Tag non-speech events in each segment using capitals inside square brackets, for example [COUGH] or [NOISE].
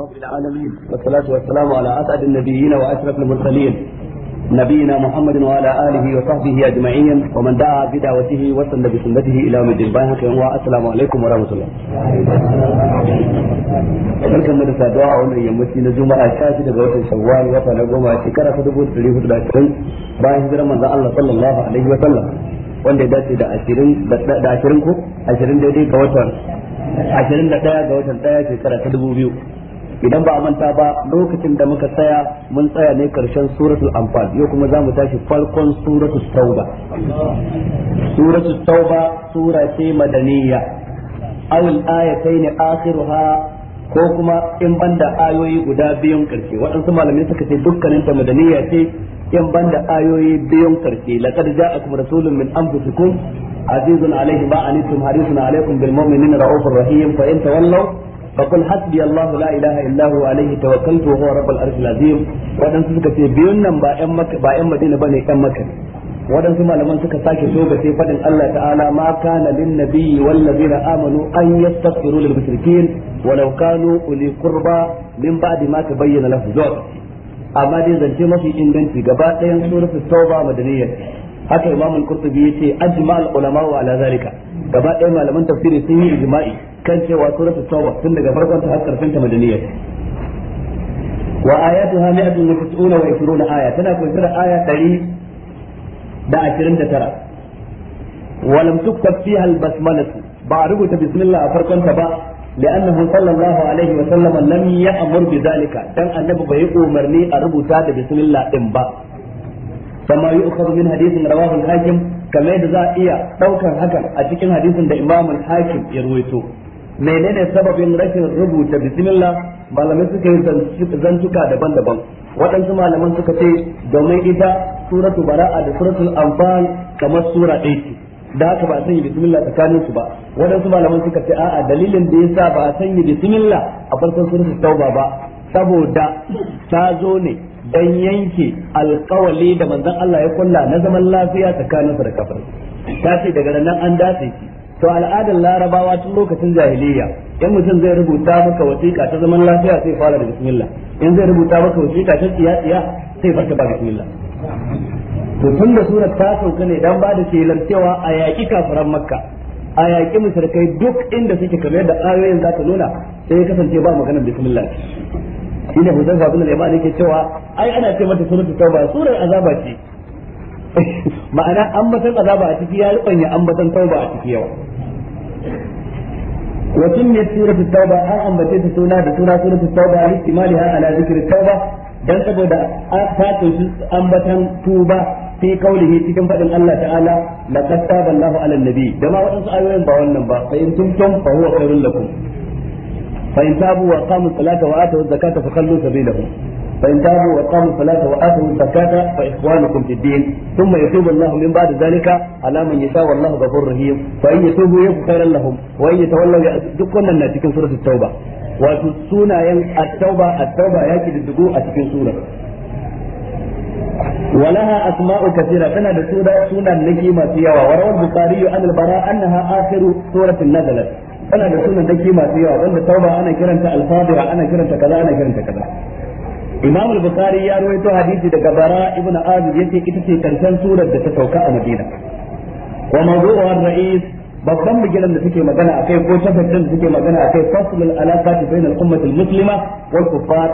رب العالمين والصلاة والسلام على أسعد النبيين وأشرف المرسلين نبينا محمد وعلى آله وصحبه أجمعين ومن دعا بدعوته وسن بسنته إلى يوم الدين السلام عليكم ورحمة الله barkan mu da saduwa a wannan yammaci na juma'a shafi daga watan shawwal wata na goma shekara ta dubu hudu da ashirin bayan hijirar Allah sallallahu alaihi wa sallam wanda ya dace da ashirin da ashirin ko ashirin daidai ga watan ashirin da ɗaya ga watan ɗaya shekara ta dubu biyu idan ba a manta ba lokacin da muka tsaya mun tsaya ne karshen suratul anfal yau kuma za mu tashi farkon suratul tauba suratul tauba sura ce madaniya awul ayatayn akhiruha ko kuma in banda ayoyi guda biyun karshe waɗansu malamai suka ce dukkanin ta madaniya ce in banda ayoyi biyun karshe laqad ja'akum rasulun min anfusikum azizun alayhi ma anitum harisun alaykum bil mu'minina raufur rahim fa in tawallaw فقل حسبي الله لا اله الا هو عليه توكلت وهو رب العرش العظيم ودان suka ce biyun nan ba ƴan maka ba ƴan madina bane ƴan maka ne malaman suka sake so ga sai Allah ta'ala ma kana lin nabiyyi wal ladina amanu an yastaghfiru da mushrikeen walau kanu uli qurba min ba'di ma tabayyana lahu zawq amma dai zance mafi inganci gaba ɗayan suratul tauba madaniyya haka imamul qurtubi yace ajma'al ulama wa ala zalika gaba ɗayan malaman tafsiri sun yi ijma'i kan cewa suratul tauba tun daga farkon ta har karshen ta madaniya wa ayatuha mi'atun wa tis'una wa ishruna aya tana kunshe da aya 129 wa lam tuktab fiha al-basmalatu ba rubuta a farkon ta ba لأنه صلى الله عليه وسلم لم يأمر بذلك دان النبي a أمرني أربطا بسم الله إمبا فما يؤخذ من حديث رواه الحاكم كما يدزا إيا دوكا حكم أتكين حديث دا إمام الحاكم يرويته menene sababin rashin rubuta bismillah malamai suka yi zantuka daban-daban waɗansu malaman suka ce domin ita suratu bara'a da suratul anfal kamar sura ɗaya ce da haka ba a sanya bismillah tsakanin su ba waɗansu malaman suka ce a'a dalilin da ya sa ba a sanya bismillah a farkon suratul tauba ba saboda ta zo ne dan yanke alkawali da manzon Allah ya kulla na zaman lafiya tsakanin da kafir ta ce daga nan an dace shi to al'adar larabawa tun lokacin jahiliya in mutum zai rubuta maka wasiƙa ta zaman lafiya sai fara da bismillah in zai rubuta maka wasiƙa ta tsiya sai farka ba bismillah to tun da surar ta sauka ne dan ba da ke cewa a yaƙi kafiran makka a yaƙi musulkai duk inda suke kamar da ayoyin za ta nuna sai ya kasance ba maganar bismillah shi ne hudar ya al'imani ke cewa ai ana ce mata ta ba surar azaba ce [LAUGHS] ma'ana ambatan azaba a ciki ya rubanya ambatan tauba a ciki yawa وسميت سورة التوبة أو أن بتيت سورة سورة سورة التوبة لاشتمالها على ذكر التوبة dan saboda ta kunshi ambatan tuba fi kaulihi cikin faɗin Allah ta'ala laqad taballahu 'ala nabi da ma wadansu ayoyin ba wannan ba fa in tumtum fa huwa khairul lakum fa in tabu wa qamu salata فإن تابوا وأقاموا الصلاة وآتوا الزكاة فإخوانكم في الدين ثم يتوب الله من بعد ذلك على من يشاء والله غفور رحيم فإن يتوبوا يكن خيرا لهم وإن يتولوا دكان الناس cikin سورة التوبة wato sunayen at-tauba at-tauba ya ki diddigo a cikin surar ولها أسماء كثيرة تنا سورة سورة نجي ما سيوا وروى البخاري عن البراء أنها آخر سورة نزلت أنا بسنة نجي ما سيوا وأن التوبة أنا كرنت الفاضرة أنا كرنت كذا أنا كرنت كذا imam al-bukhari ya rawaito hadisi daga bara ibn azib yace ita ce karshen surar da ta sauka a madina wa mawdu'u ar-ra'is babban bigiran da suke magana akai ko tafsirin da suke magana akai faslul alaqati bain al-ummati al-muslima wal kuffar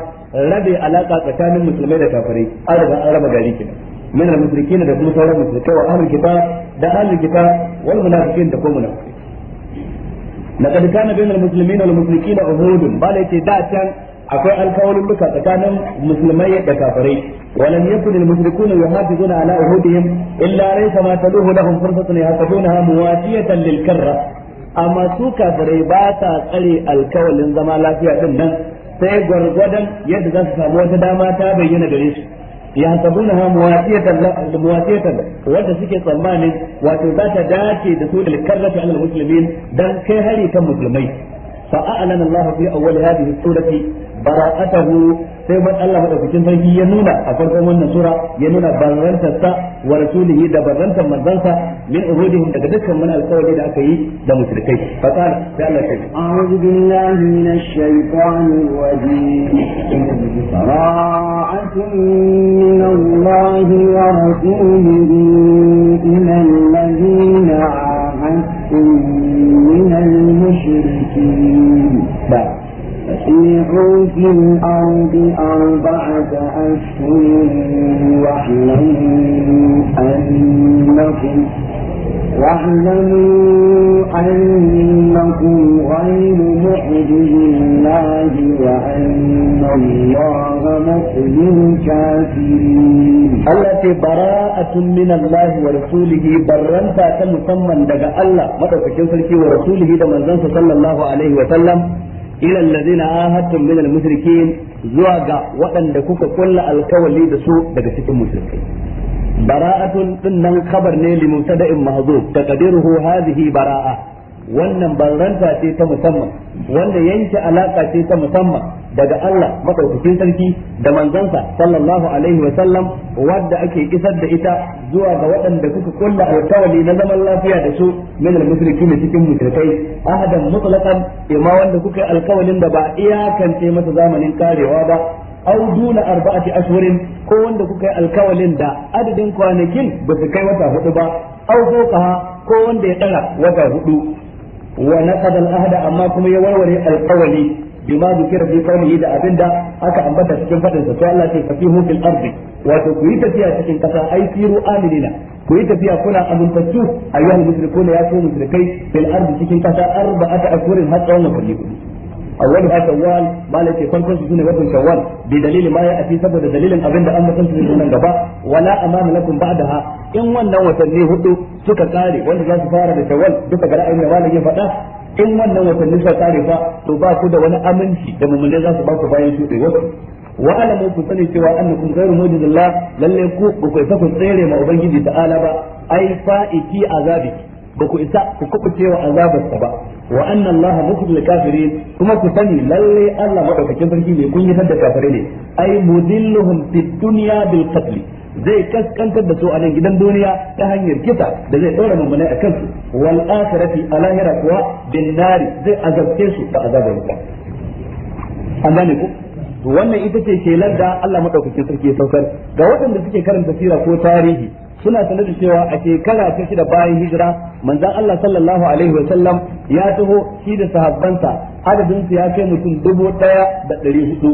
rabe alaqa tsakanin musulmai da kafirai an riga an raba gari kenan من المشركين da kuma sauran musulmai wa ahlul kitab da ahlul kitab wal munafiqin da kuma munafiqai لقد كان بين المسلمين والمشركين عهود بل da can. akwai alkawarin duka tsakanin musulmai da kafirai walam yakun al mushrikuna yuhafizuna ala uhudihim illa laysa ma taduhu lahum fursatun yahsabunaha muwajiyatan lil karra amma su kafirai ba ta tsare alkawalin zama lafiya din nan sai gwargwadon yadda za su samu wata dama ta bayyana gare su yahsabunaha muwatiyatan muwatiyatan wanda suke tsammanin wato za ta dace da su da karrata al muslimin dan kai hari kan musulmai فأعلن الله في أول هذه السورة براءته sai ban Allah madaukakin sarki ya nuna a farkon wannan sura ya nuna barrantar sa wa rasulihi da barrantar manzansa min urudihim daga dukkan wani alƙawari da aka yi da mushrikai fa qala sai Allah ya a'udhu billahi minash shaitanir rajim ra'atun min Allah wa rasulihi ila alladhina ahadtum min al-mushrikeen وسارعوا في الأرض أربعة أشهر واعلموا أنكم واعلموا أنكم غير معجز الله وأن الله مخزي الكافرين التي براءة من الله ورسوله برنتا كمسمى لدى الله مدى سكين سلكي ورسوله دمزنس صلى الله عليه وسلم ila allazina ahadtum min al zuwa ga waɗanda kuka kulla alkawali da su daga cikin mushrikai bara'atun tun nan khabar ne li mubtada'in mahdhuf taqdiruhu hazihi bara'a wannan barranta ce ta musamman wanda yanke alaka ce ta musamman daga Allah madaukakin sarki da manzansa sallallahu alaihi wa sallam wadda ake kisar da ita zuwa ga waɗanda kuka kulla alkawali na zaman lafiya da su min al-mushrikin cikin mushrikai ahadan mutlaqan imma wanda kuka yi alkawalin da ba iyakance masa zamanin karewa ba au duna arba'ati ashhurin ko wanda kuka yi alkawalin da adadin kwanakin ba su kai wata hudu ba au fawqaha ko wanda ya tsara wata hudu wana naqada al-ahda amma kuma ya warware alqawli bima zikira fi qawlihi da abinda aka ambata cikin fadin sa sai Allah ce fasihu fil ardi wato ku yi tafiya cikin kasa ai siru aminina ku yi tafiya kuna amintattu ayyuhal mushrikuna ya ku mushrikai fil ardi cikin kasa arba'ata ashhurin har tsawon watanni awwalha shawwal malaka farkon su shine watan shawwal bi dalilin ma ya ati saboda dalilin abin da an mutunta ne nan gaba wala amana da ha in wannan watanni hudu suka kare wanda za su fara da shawwal duka ga ra'ayin malamin faɗa in wannan watanni suka kare fa to ba ku da wani aminci da mummune za su ba ku bayan shuɗe wasu wa alamu ku sani cewa annakum ghairu mujizillah lalle ku ba ku isa ku tsere ma ubangiji ta'ala ba ai fa'iki azabi ba ku isa ku kubuce wa ba wa anna allaha kafirin kuma ku sani lalle Allah madaukakin sarki mai kunyatar da kafirai ne ai mudilluhum fid dunya bil qatl zai kaskantar da su a nan gidan duniya ta hanyar kisa da zai dora mummunai a kansu wal akhirati a lahira kuwa bin nari zai azabce su da azabar wuta an gane ku wannan ita ce ke da Allah madaukakin sarki ya saukar ga waɗanda suke karanta sira ko tarihi suna sanar da cewa a shekara ta shida bayan hijira manzan Allah sallallahu alaihi wa sallam ya taho shi da sahabbansa adadin su ya kai mutum dubu ɗaya da ɗari hudu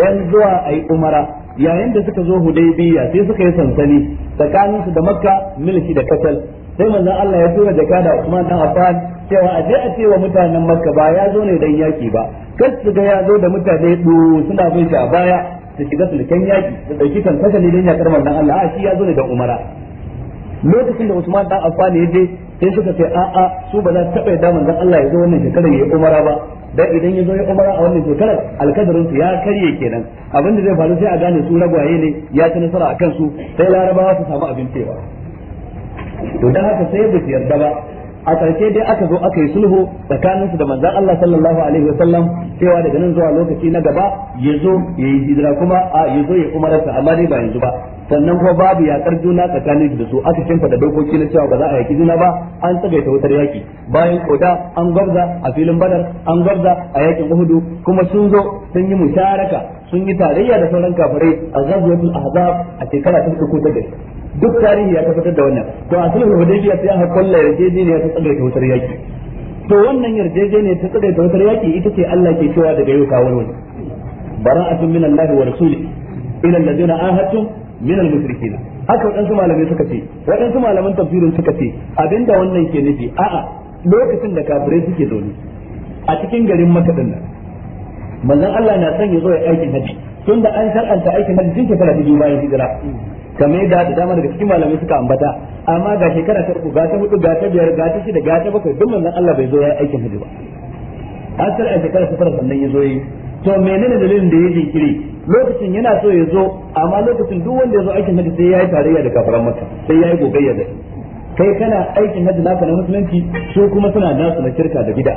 dan zuwa ayi umara yayin da suka zo hudaybiya sai suka yi sansani tsakanin su da makka milki da kasal sai manzan Allah ya tura jaka da Usman dan Affan cewa a je a ce wa mutanen makka ba ya zo ne dan yaki ba kar su ga ya zo da mutane ɗo suna bin shi a baya su shiga sulken yaki da dauki kan kasali dan yakar manzon Allah a shi ya zo ne dan umara lokacin da Usman dan Affan ya je sai suka ce a a su ba za su taba yadda manzon Allah ya zo wannan shekarar ya umara ba dan idan ya zo ya umara a wannan shekarar alkadarin su ya karye kenan abinda zai faru sai a gane su ragwaye ne ya ci nasara akan su sai larabawa su samu abin cewa to dan haka sai ba su yarda ba a ƙarshe dai aka zo aka yi sulhu tsakanin su da manzon Allah sallallahu alaihi wasallam cewa daga nan zuwa lokaci na gaba ya zo ya yi hijira kuma a ya zo ya umararsa amma dai ba yanzu ba sannan kuma babu yaƙar juna tsakanin da su aka shimfa da dokoki na cewa ba za a yaki juna ba an ta wutar yaki bayan koda an gwabza a filin badar an gwabza a yakin uhudu kuma sun zo sun yi musharaka sun yi tarayya da sauran kafirai a zabiyatul ahzab a shekara ta uku ta gari duk tarihi ya tabbatar da wannan to a sulhul hudaybiya sai aka kulla yarjejeniya ta ta wutar yaki to wannan yarjejeniya ta ta wutar yaki ita ce Allah ke cewa daga yau kawar wani bara'atun min Allah wa rasuli ila alladhina ahadtum min al-mushrikeena haka waɗansu malamai suka ce waɗansu malaman tafsirin suka ce abinda wannan ke nufi a'a lokacin da kafirai suke zaune a cikin garin makadin nan manzon Allah na son ya zo ya aikin haji tunda an shar'anta aikin haji tun shekara ta biyu bayan hijira kamar yadda da dama daga cikin malamai suka ambata amma ga shekara ta uku ga ta hudu ga ta biyar ga ta shida ga ta bakwai duk manzon Allah bai zo ya aikin haji ba an shar'anta shekara ta fara sannan ya zo yi to menene dalilin da ya jinkiri lokacin yana so ya zo amma lokacin duk wanda ya zo aikin haji sai ya yi tarayya da kafaran maka sai ya yi gogayya da kai kana aikin haji naka na musulunci su kuma suna nasu na kirka da gida.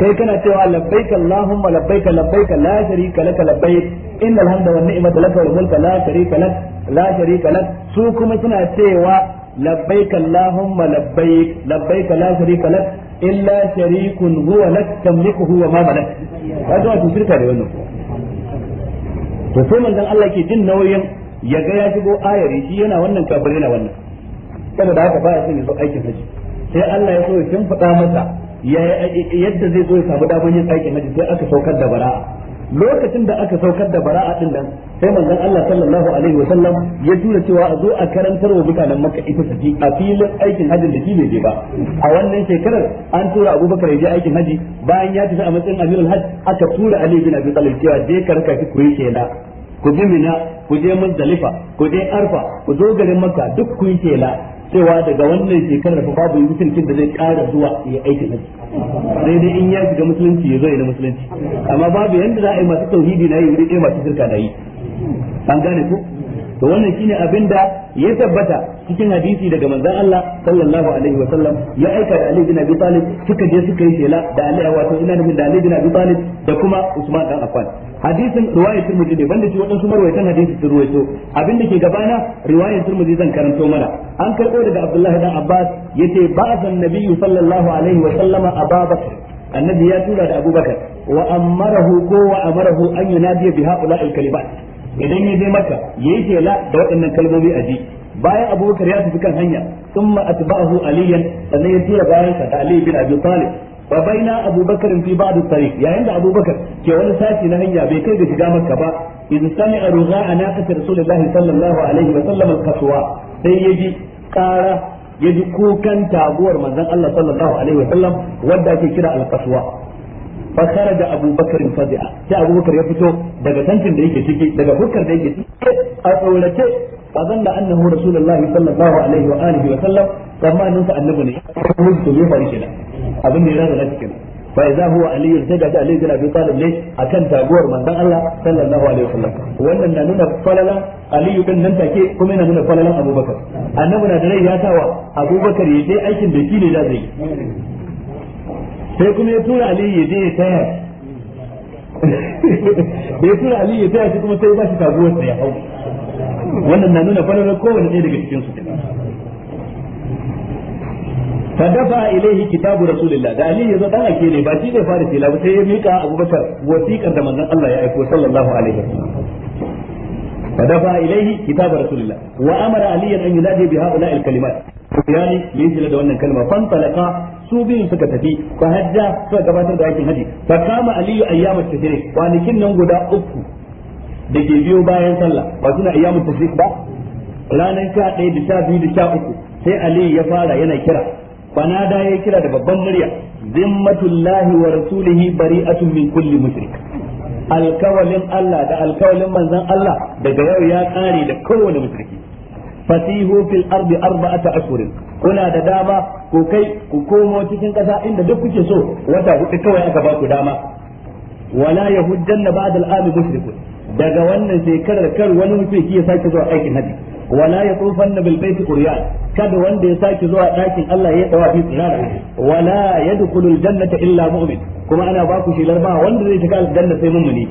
kai kana cewa labbaik allahumma labbaik labbaik la sharika lak labbaik innal hamda wan ni'mata lak wal mulka la sharika lak la sharika lak su kuma suna cewa labbaik allahumma labbaik labbaik la sharika lak illa sharikun huwa lak tamlikuhu wa ma malak kaga wato shirka da wannan to sai manzon Allah ke jin nauyin ya ga ya shigo ayari shi yana wannan kabari na wannan saboda haka ba ya son ya zo aikin haji sai Allah ya so ya shimfiɗa masa yadda zai zo ya samu damar yin aikin haji sai aka saukar da bara'a lokacin da aka saukar da bara'a din nan sai manzon Allah sallallahu alaihi wa sallam ya tura cewa a zo a karantar wa mutanen Makka ita saki a filin aikin hajin da shi bai ba a wannan shekarar an tura Abubakar ya je aikin haji bayan ya tafi a matsayin Amirul Hajj aka tura Ali bin Abi Talib cewa je karka ki koyi kenan ku je Mina ku je Muzdalifa ku je Arfa ku zo garin Makka duk kun cewa daga wannan shekarar fa babu musulkin da zai ƙara zuwa ya aiki haji sai dai in ya shiga musulunci ya zo ya na musulunci amma babu yanda za a yi masu tauhidi na yi ɗaya masu shirka na yi an gane ku to wannan shine abin da ya tabbata cikin hadisi daga manzon Allah sallallahu alaihi wa sallam ya aika da Ali bin Abi Talib suka je suka yi shela da Ali wato ina nufin da Ali bin Abi Talib da kuma Usman dan Affan hadisin riwayat Tirmidhi ne banda shi wadansu marwayatan hadisi sun ruwaito abinda ke gabana riwayat Tirmidhi zan karanto mana an karbo daga Abdullah dan Abbas yace ba'athan nabiyyu sallallahu alaihi wa sallama Ababakar annabi ya tura da Abubakar wa amarahu ko wa amarahu an yunadiya bi haula'il kalimat idan ya je maka yayi shela da waɗannan kalmomi a ji bayan abubakar ya tafi kan hanya thumma atba'ahu aliyan sannan ya tura bayan sa da Aliyu bin abi talib wa baina abubakar fi ba'd tariq yayin da abubakar ke wani sashi na hanya bai kai ga shiga makka ba idan a rugha'a naqati rasulullahi sallallahu alaihi wa sallam al-qaswa ya ji ƙara ji kukan taguwar manzon Allah sallallahu alaihi wa sallam wanda ake kira al fa da Abubakar Bakar fadi'a sai Abubakar ya fito daga tantin da yake ciki daga bukkar da yake ciki a tsorace fa zanna annahu rasulullahi sallallahu alaihi wa alihi wa sallam tsammanin sa annabi ne ko to bai faru kenan abin da ya rana cikin fa idza huwa ali sai ga ali bin abi talib ne akan taguwar manzon Allah sallallahu alaihi wa sallam wannan na nuna falala Aliyu bin nan take kuma yana nuna falalan Abubakar. Bakar annabi na da rai ya tawa Abubakar ya je aikin da kile da zai sai kuma ya tura aliyu ya je ya taya [LAUGHS] ya tura aliyu ya taya shi kuma sai ba shi kaguwar sa ya hau wannan na nuna falalar kowane ɗaya daga cikin su fa dafa ilaihi kitabu rasulillah da aliyu yazo dan ake ne ba shi ne fara tila ba sai ya mika abubakar wasiƙar da manzon Allah ya aiko sallallahu alaihi wasallam fa dafa ilaihi kitabu rasulillah wa amara aliyan an yunadi bi haula al kalimat sufyani da da wannan kalma fan talaka su biyun suka tafi fa hajja suka gabatar da aikin haji fa kama aliyu ayyamu tashrik kwanakin nan guda uku da ke biyo bayan sallah ba suna ayyamu tashrik ba ranar sha ɗaya da sha biyu da sha uku sai aliyu ya fara yana kira fanada ya kira da babban murya zimmatullahi wa rasulihi bari'atun min kulli mushrik alkawalin Allah da alkawalin manzon Allah daga yau ya kare da kowane mushriki fasihu fil ardi arba'ata ashhurin kuna da dama ku kai ku komo cikin kasa inda duk kuke so wata hudu kawai aka ba ku dama wala yahujjanna ba'd al-ami mushrikun daga wannan shekarar kar wani mushriki ya sake zuwa aikin haji wala yatufanna bil baiti quryan kada wanda ya sake zuwa dakin Allah ya dawa fi tsirara wala yadkhulul jannata illa mu'min kuma ana ba ku shelar ba wanda zai shiga aljanna sai mummuni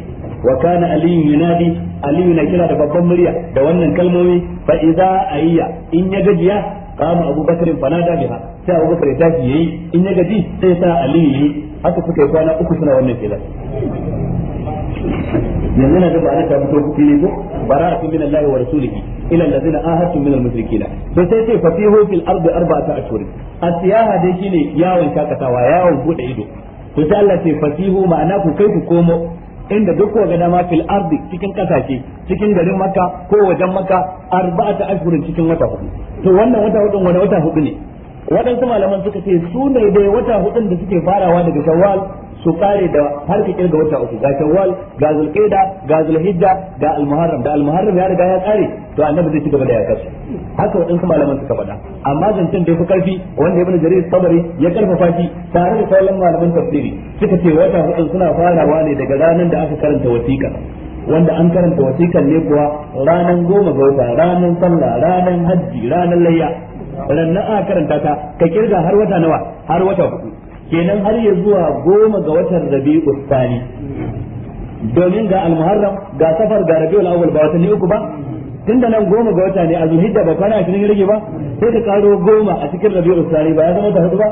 wa kana aliyu yunadi aliyu na kira da babban murya da wannan kalmomi fa idza ayya in ya gajiya kama abubakar fanada biha sai abubakar ya tashi yayi in ya gaji sai sa aliyu yi haka suka yi kwana uku suna wannan kila yanzu na gaba ana mutu fito fili ko bara'atun min Allah wa rasulihi ila allazina ahadtum min al-mushrikeen to sai sai fa fihu fil ardi arba'ata ashhur asiyaha dai shine yawon shakatawa yawon bude ido to sai Allah sai fasihu ma'ana ku kai ku komo inda duk wa gada ma fil ardi cikin kasashe cikin garin maka ko wajen maka arba'ata ashhurin cikin wata hudu to wannan wata hudun wani wata hudu ne waɗansu malaman suka ce su ne dai wata hudun da suke farawa daga shawwal su kare da har ki ga wata uku ga shawwal ga zulqa'da ga zulhijja ga almuharram da almuharram ya riga ya kare to annabi zai ci gaba da ya kasu haka wadansu malaman suka faɗa amma zancen da yafi karfi wanda ibn jarir sabari ya karfafa shi tare da sauran malaman tafsiri suka ce wata hudu suna farawa ne daga ranar da aka karanta wasiƙa wanda an karanta wasiƙan ne kuwa ranar goma ga wata ranar sallah ranar hajji ranar layya ranar aka karanta ta ka kirga har wata nawa har wata hudu kenan har ya zuwa goma ga watan Rabi'u thani domin ga al-muharram ga safar ga rabi'ul awwal ba watanni uku ba tunda nan goma ga wata ne a zulhijja ba kwana ashirin rage ba sai ka karo goma a cikin Rabi'u thani ba ya zama da hudu ba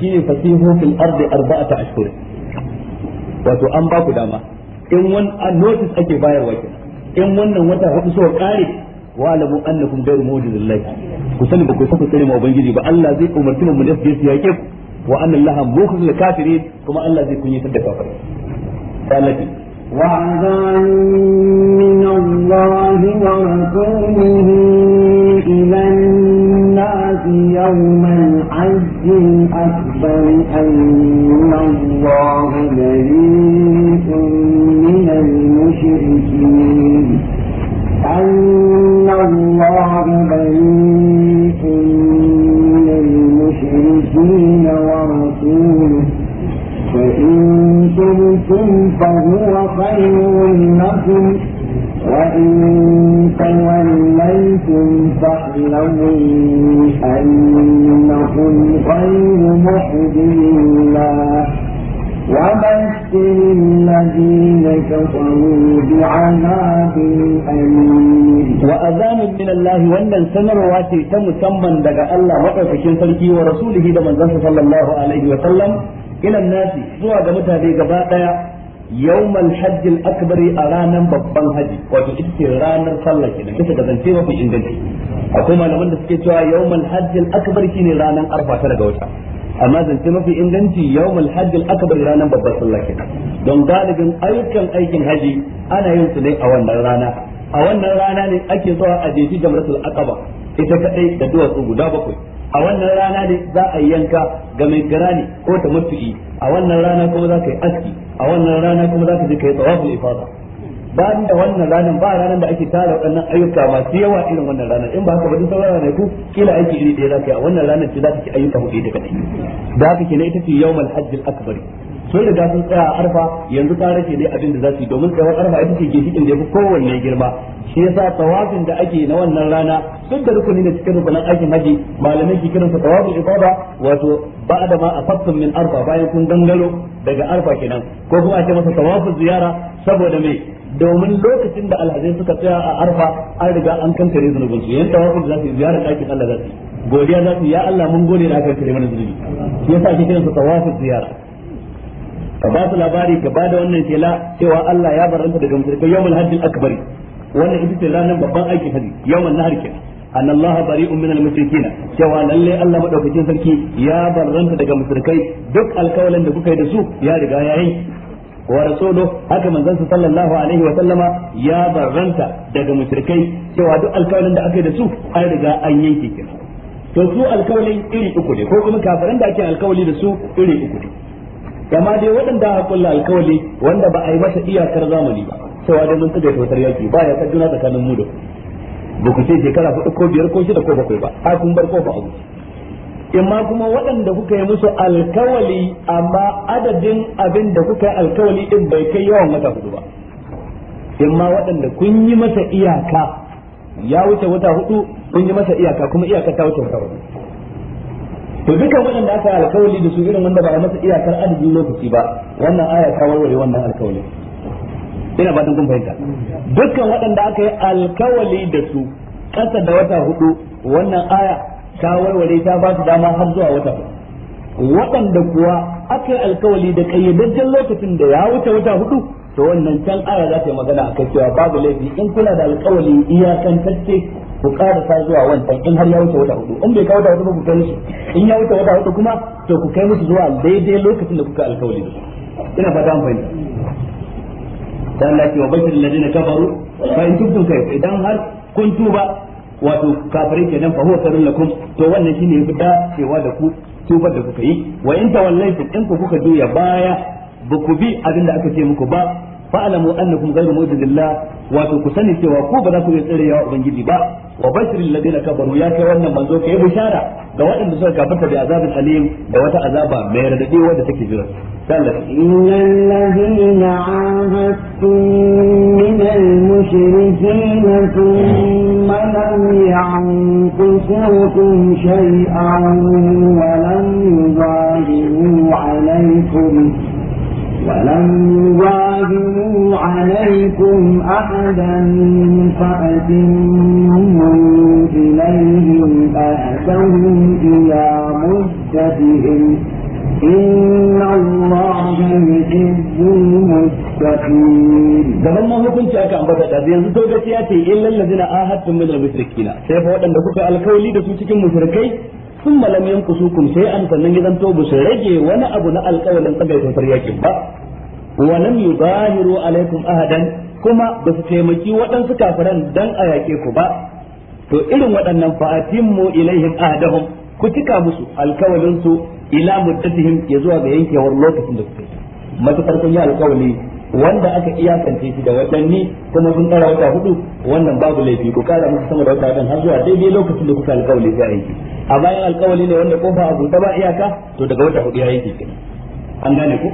Shi shine fasihu fil ardi arba'ata ashhur wato an ba ku dama in wani notice ake bayarwa ke. in wannan wata hudu so kare wa lamu annakum ghayru mawjudillahi ku sani ba ku saka tsare ma ubangiji ba Allah zai umarci mu da su yake ku wa anna allaha mukhzil kafirin kuma Allah zai kunyatar da kafirai sallati وعذاب من الله ورسوله إلى الناس يوم العز الأكبر أن الله بريء من المشركين أن الله بريء وإن تبتم فهو خير لكم وإن توليتم فاعلموا أنكم غير محبي الله وبشر الذين كفروا بعذاب أليم وأذان من الله وأن سنروا تم سما دقى الله وقف كنسلكي ورسوله دمن صلى الله عليه وسلم ilan nasi zuwa ga mutane gaba ɗaya. yawmal hajj al a ranar babban haji wato ita ce ranar sallah kenan bisa ga zance mafi inganci akwai malaman da suke cewa yawmal hajj al akbar shine ranar arfa ta daga wata amma zance mafi inganci yau hajj al akbar ranar babban sallah don galibin ayyukan aikin haji ana yin su ne a wannan rana a wannan rana ne ake zuwa a jeji jamratul aqaba ita kadai da duwatsu guda bakwai a wannan rana ne za a yanka ga mai garani ko ta mutu'i a wannan rana kuma za ka yi aski a wannan rana kuma za ka je ka yi tsawafin ifada bayan da wannan ranar ba ranar da ake tara waɗannan ayyuka masu yawa irin wannan ranar in ba haka ba duk sauran ranar ku kila aiki iri ɗaya za ka yi a wannan ranar ce za ka ci ayyuka hudu da kaɗai da haka na ita ce yawmal hajjil akbar sun riga sun tsaya a arfa yanzu ta ke dai abin da za su yi domin tsawon arfa ita ce ginshikin da ya fi kowanne girma shi yasa tawafin da ake na wannan rana duk da rukuni da cikin rukunan aikin haji malamai ke kiransa tawafin ibada wato ba'da ma afattum min arfa bayan kun gangaro daga arfa kenan ko kuma ake masa tawafin ziyara saboda me domin lokacin da alhazai suka tsaya a arfa an riga an kankare zunubin su yan tawafin za su yi ziyarar ɗakin Allah za su godiya za su ya Allah mun gode da aka kare mana zunubi shi yasa ake kiransa tawafin ziyara ka ba su labari ka ba da wannan shela cewa Allah ya baranta daga musulmai yawmul hajjil akbari wannan ita ce ranar babban aiki hajji yawmul nahar kenan أن الله بريء من المشركين cewa lalle Allah madaukakin sarki ya baranta daga mushrikai duk alkawalan da kuka yi da su ya riga ya yi wa rasulu haka manzon sa sallallahu alaihi wa sallama ya baranta daga mushrikai cewa duk alkawalan da aka yi da su an riga an yanke kenan to su alkawalin iri uku ne ko kuma kafiran da ake alkawali da su iri uku ne amma dai waɗanda aka kulla alkawali wanda ba a yi masa iyakar zamani ba cewa dai mun tsaye wutar yaki ba ya juna tsakanin mu da ba ku ce shekara hudu ko biyar ko shida ko bakwai ba a kun bar kofa abu ma kuma waɗanda kuka yi musu alkawali amma adadin abin da kuka yi alkawali din bai kai yawan wata hudu ba ma waɗanda kun yi masa iyaka ya wuce wata hudu kun yi masa iyaka kuma iyaka ta wuce wata hudu to wannan da aka alkawali da su irin wanda ba a masa iyakar adadin lokaci ba wannan aya ta warware wannan alkawali ina fatan kun fahimta dukkan waɗanda aka yi alkawali da su ƙasa da wata hudu wannan aya ta warware ta ba su dama har zuwa wata hudu waɗanda kuwa aka yi alkawali da ƙayyadajjen lokacin da ya wuce wata hudu to wannan can aya za ta yi magana a kai cewa babu laifi in kuna da alkawali tacce ku karasa zuwa wancan in har ya wuce wata hudu in bai ka wata hudu ku kai musu in ya wuce wata hudu kuma to ku kai musu zuwa daidai lokacin da kuka alkawali da su ina fata an fahimta dan lati wa bashir ladina kafaru fa in tubtum kai idan har kun tuba wato kafirai kenan fa huwa khairul lakum to wannan shine yafi dacewa da ku tubar da kuka yi wa in tawallaytum in ku kuka juya baya ba ku bi abin da aka ce muku ba fa'lamu annakum ghayru mu'jizillah wato ku sani cewa ko ba za ku iya tsirewa ubangiji ba wa bashiril ladina kafaru ya kai wannan manzo kai bishara ga waɗanda suka kafarta da azabin alim da wata azaba mai radadi wadda take jira innal ladina ahadtum min al mushrikin thumma lam yanqusukum shay'an wa lam yuzahiru alaykum ولن يظاهروا عليكم أحدا فأتموا إليهم أهدهم إلى مدتهم إن الله يحب المتقين gaban ma hukunci aka ambata da yanzu to gaskiya ce illal ladina ahadtum min al-mushrikina sai fa wadanda kuka alkawali da su cikin mushrikai sun malam yankusukum sai an sannan gidan to ba su rage wani abu na alƙawalin tsagaitin yakin ba wa lam yudahiru alaikum ahadan kuma ba su taimaki waɗansu kafiran dan a yaƙe ku ba to irin waɗannan fa'atimmu ilaihim ahadahum ku cika musu alkawalin su ila muddatihim ya zuwa ga yankewar lokacin da suke. matakar kun yi alkawali wanda aka iyakance shi da waɗanne kuma sun tsara wata hudu wannan babu laifi ko kara musu sama da wata dan har zuwa daidai lokacin da kuka alƙawari zai aiki a bayan alƙawari ne wanda kofa a buɗe ba iyaka to daga wata hudu ya yi kenan an gane ku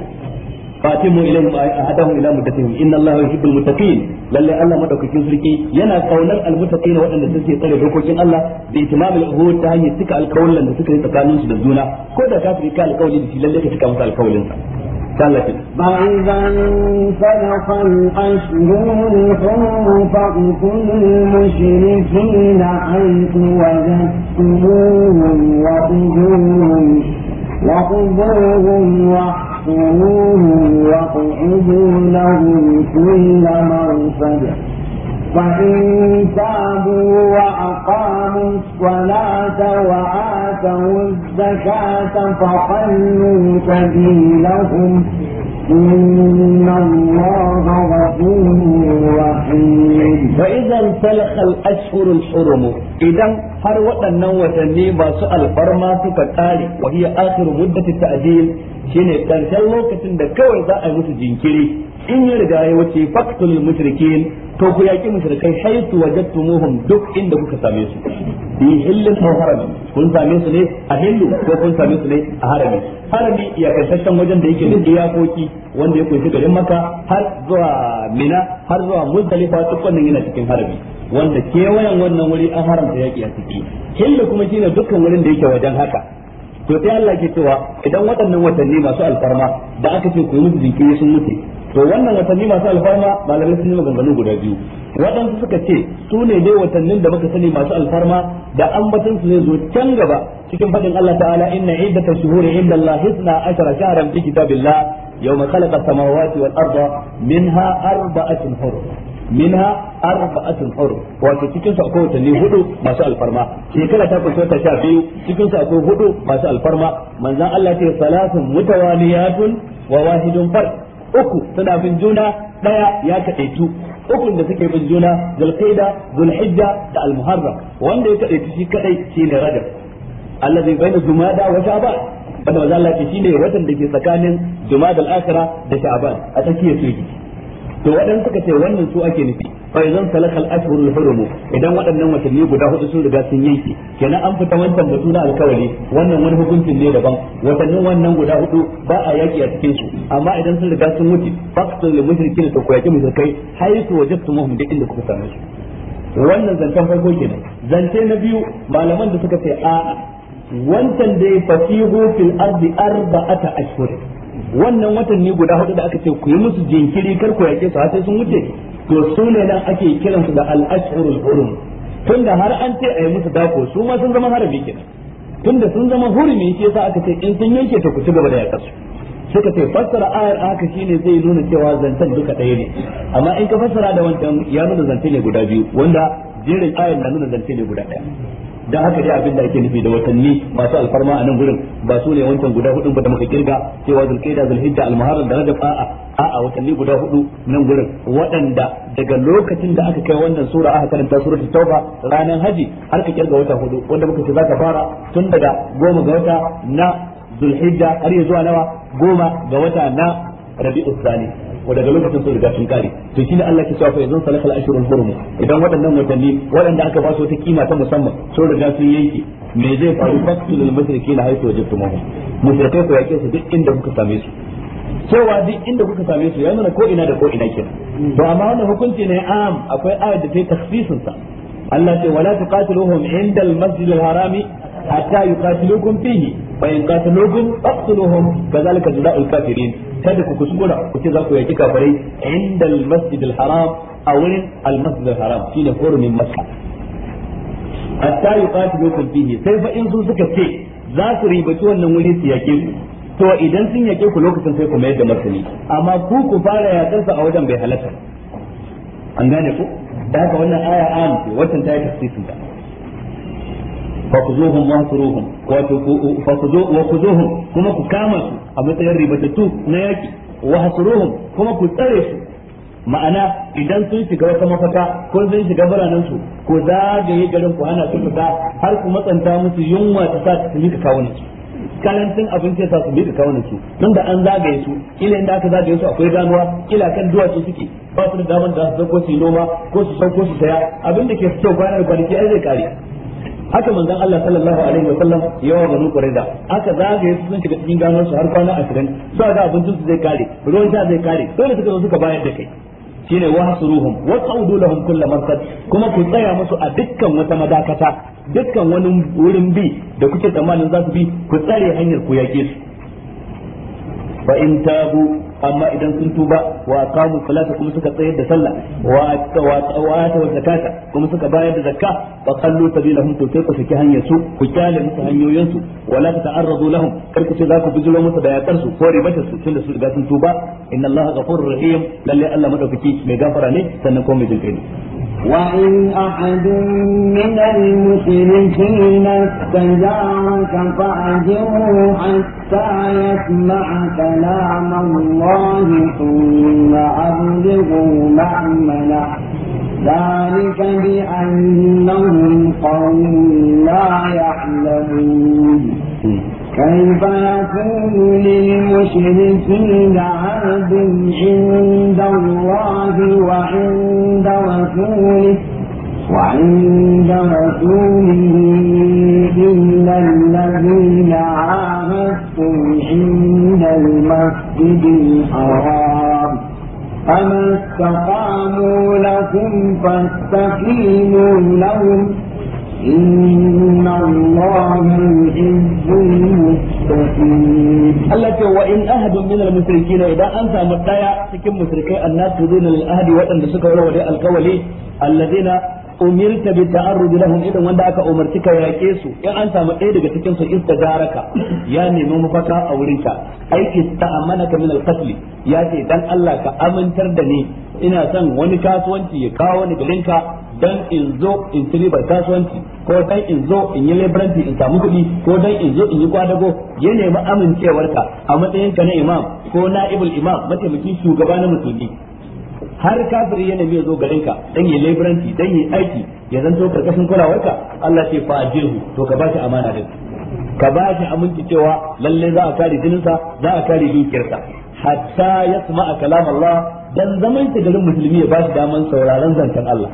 fatimu ilayhim ahadahum ila muddatihim inna allaha yuhibbul muttaqin lalle Allah madaukakin sulki yana kaunar almuttaqin waɗanda suke tsare dokokin Allah bi itimamil uhud ta hanyar cika alƙawarin da suka yi tsakaninsu da juna ko da kafiri ka alƙawari da shi lalle ka cika musu alƙawarin sa tallafi. Ba'izan sadakan ashirin kuma fa'ikun mashiriki na aiki waje tumurin wa tumurin wa tumurin wa tumurin wa tumurin lahun kuma marasadiyar. فإن تابوا وأقاموا الصلاة وآتوا الزكاة فخلوا سبيلهم إن الله غفور رحيم فإذا انسلخ الأشهر الحرم idan har waɗannan watanni masu alfarma suka ƙare wa hiya akhiru muddati ta'dil shine karshen lokacin da kawai za a yi musu jinkiri in ya riga ya wuce faktul mushrikin to ku yaki mushrikai haitu wajadtumuhum duk inda kuka same su bi hillin aw harami kun same su ne a hillu ko kun same su ne a harami harami ya kasashen wajen da yake da iyakoki wanda ya kunshi garin maka har zuwa mina har zuwa muzdalifa duk yana cikin harami wanda kewayen wannan wuri an haramta yaki a ciki hilla kuma shine dukkan wurin da yake wajen haka to sai Allah ke cewa idan waɗannan watanni masu alfarma da aka ce ku yi musu jinkiri sun mutu to wannan watanni masu alfarma malamai sun yi maganganu guda biyu waɗansu suka ce su ne dai watannin da muka sani masu alfarma da ambaton su zai zo can gaba cikin faɗin Allah ta'ala inna iddata shuhuri inda Allah hisna ashara shahran fi kitabillah yawma khalaqa samawati wal arda minha arba'atun hurum minha arba'atul hurum wato cikin su akwai watanni hudu masu alfarma shekara ta kunshi wata sha biyu cikin su hudu masu alfarma manzon Allah ce salatun mutawaliyatun wa wahidun fard uku suna bin juna daya ya kadaitu ukun da suke bin juna zulqaida zulhijja da almuharram wanda ya kadaitu shi kadai shine rajab allazi baina jumada wa sha'ban wanda manzon Allah ce shine watan da ke tsakanin jumada al-akhirah da sha'ban a tsakiyar su to waɗansu suka ce wannan su ake nufi fa idan salakal ashhurul hurum idan waɗannan watanni guda hudu sun riga sun yanke kenan an fita wancan batu na alkawari wannan wani hukuncin ne daban watannin wannan guda hudu ba a yaki a cikin su amma idan sun riga sun wuce faqtul lil mushrikin to ku yaki mushrikai haythu wajadtumuhum duk inda kuka same su wannan zancen farko kenan zance na biyu malaman da suka ce a'a wancan da ya fasihu fil ardi arba'ata ashhurin wannan watanni guda hudu da aka ce ku yi musu jinkiri kar ku yake su sai sun wuce to su ne nan ake kiransu da al-ashhurul hurum tunda har an ce a yi musu dako su ma sun zama harabi kenan tunda sun zama hurumi shi yasa aka ce in sun yanke ta ku ci gaba da yakar su suka ce fassara ayar haka shine zai nuna cewa zantan duka ɗaya ne amma in ka fassara da wancan ya nuna zance ne guda biyu wanda jerin ayar na nuna zance ne guda ɗaya dan haka dai abin da ake nufi da watanni masu alfarma a nan gurin ba su ne wancan guda hudun ba da muka kirga cewa zulqaida zulhijja almuharram da rajab a'a a'a watanni guda hudu nan gurin waɗanda daga lokacin da aka kai wannan sura aka karanta suratul tauba ranar haji har ka kirga wata hudu wanda muka ce zaka fara tun daga goma ga wata na zulhijja har zuwa nawa goma ga wata na rabi'ul thani ko daga lokacin sun riga sun kare to shine Allah ke cewa fa yanzu salakal ashurul hurum idan waɗannan watanni waɗanda aka ba su wata kima ta musamman sun riga sun yanke me zai faru faktulul mushrikina haythu wajadtumuhum mushrikai ku yake su duk inda kuka same su cewa duk inda kuka same su ya nuna ko ina da ko ina kenan to amma wannan hukunci ne am akwai ayat da ta yi takhsisin sa Allah ce wala tuqatiluhum inda al-masjid harami حتى يقاتلوكم fihi وإن قاتلوكم qatalukum كذلك kadhalika الكافرين kafirin kada ku kuskura ku ce za ku أو kafirai inda al haram a wurin al-masjid haram shine hurumin makka hatta fihi sai fa in su suka ce za su to idan sun yake ku lokacin sai ku mayar da martani amma ku ku fara ya a wajen bai halatta an gane ku da haka wannan aya an ce wannan ta yi tafsirin fakuzuhum wa kuruhum wa kuzuhum kuma ku kama su a matsayin ribatattu na yaki wa kuma ku tsare su ma'ana idan sun shiga wata mafaka ko zai shiga biranen su ko zagaye garin ku hana su fita har ku matsanta musu yunwa ta sa su mika kawunan su kalancin abinci ya sa su mika kawunan su tun da an zagaye su ila inda aka zagaye su akwai ganuwa ila kan duwatsu suke ba su da daman da su sauko su yi noma ko su sauko su saya abin da ke fito kwanar kwanaki ai zai kare haka manzon Allah sallallahu alaihi wasallam yawa banu qurayza aka zagaye su sun shiga cikin ganar su har kwana 20 sai ga abincin su zai kare ruwan sha zai kare dole suka zo suka bayar da kai shine wahsuruhum wa qaudu lahum kull marsad kuma ku tsaya musu a dukkan wata madakata dukkan wani wurin bi da kuke tsammanin za su bi ku tsare hanyar ku yake su fa in tabu amma idan sun tuba wa kamu salata kuma suka tsayar da sallah wa wa wa zakata kuma suka bayar da zakka fa kallu sabilahum to sai ku saki hanyar su ku kyale musu hanyoyin su wala ta'arradu lahum kar ku ce za ku bijiro musu da yakar su ko ribatar su tunda su riga sun tuba inna allaha ghafurur rahim lalle Allah madaukaki mai gafara ne sannan kuma mai jinkai ne وإن أحد من المشركين استجارك فأجره حتى يسمع كلام الله ثم أبلغه مأمنه ذلك بأنهم قوم لا يعلمون كيف يكون للمشركين عهد عند الله وعند رسوله وعند رسوله إلا الذين عاهدتم عند المسجد الحرام فما استقاموا لكم فاستقيموا لهم إن الله يحب المتقين التي وإن أحد من المشركين إذا أنت متايا سكن مشركي الناس دون الأهد وأن سكروا القولي الذين umirta bi ta'arrud lahum idan wanda aka umarci ka yake su in an samu ɗaya daga cikin su istijaraka ya nemi mafaka a wurin ka ai ista'amanaka min al-qatl ya ce dan Allah ka amintar da ni ina son wani kasuwanci ya kawo ni garin ka dan in zo in ba kasuwanci ko dan in zo in yi laboranti in samu kuɗi ko dan in zo in yi kwadago ya nemi amincewarka a matsayinka na imam ko na'ibul imam mataimakin shugaba na musulmi har kafiri ya nemi zo garin ka dan yi laboranci dan yi aiki ya zanto karkashin kulawarka Allah ce fa ajirhu to ka bashi amana din ka bashi aminci cewa lalle za a kare jininsa za a kare dukiyarsa hatta a kalam Allah dan zaman ta garin musulmi ya bashi daman sauraron zancen Allah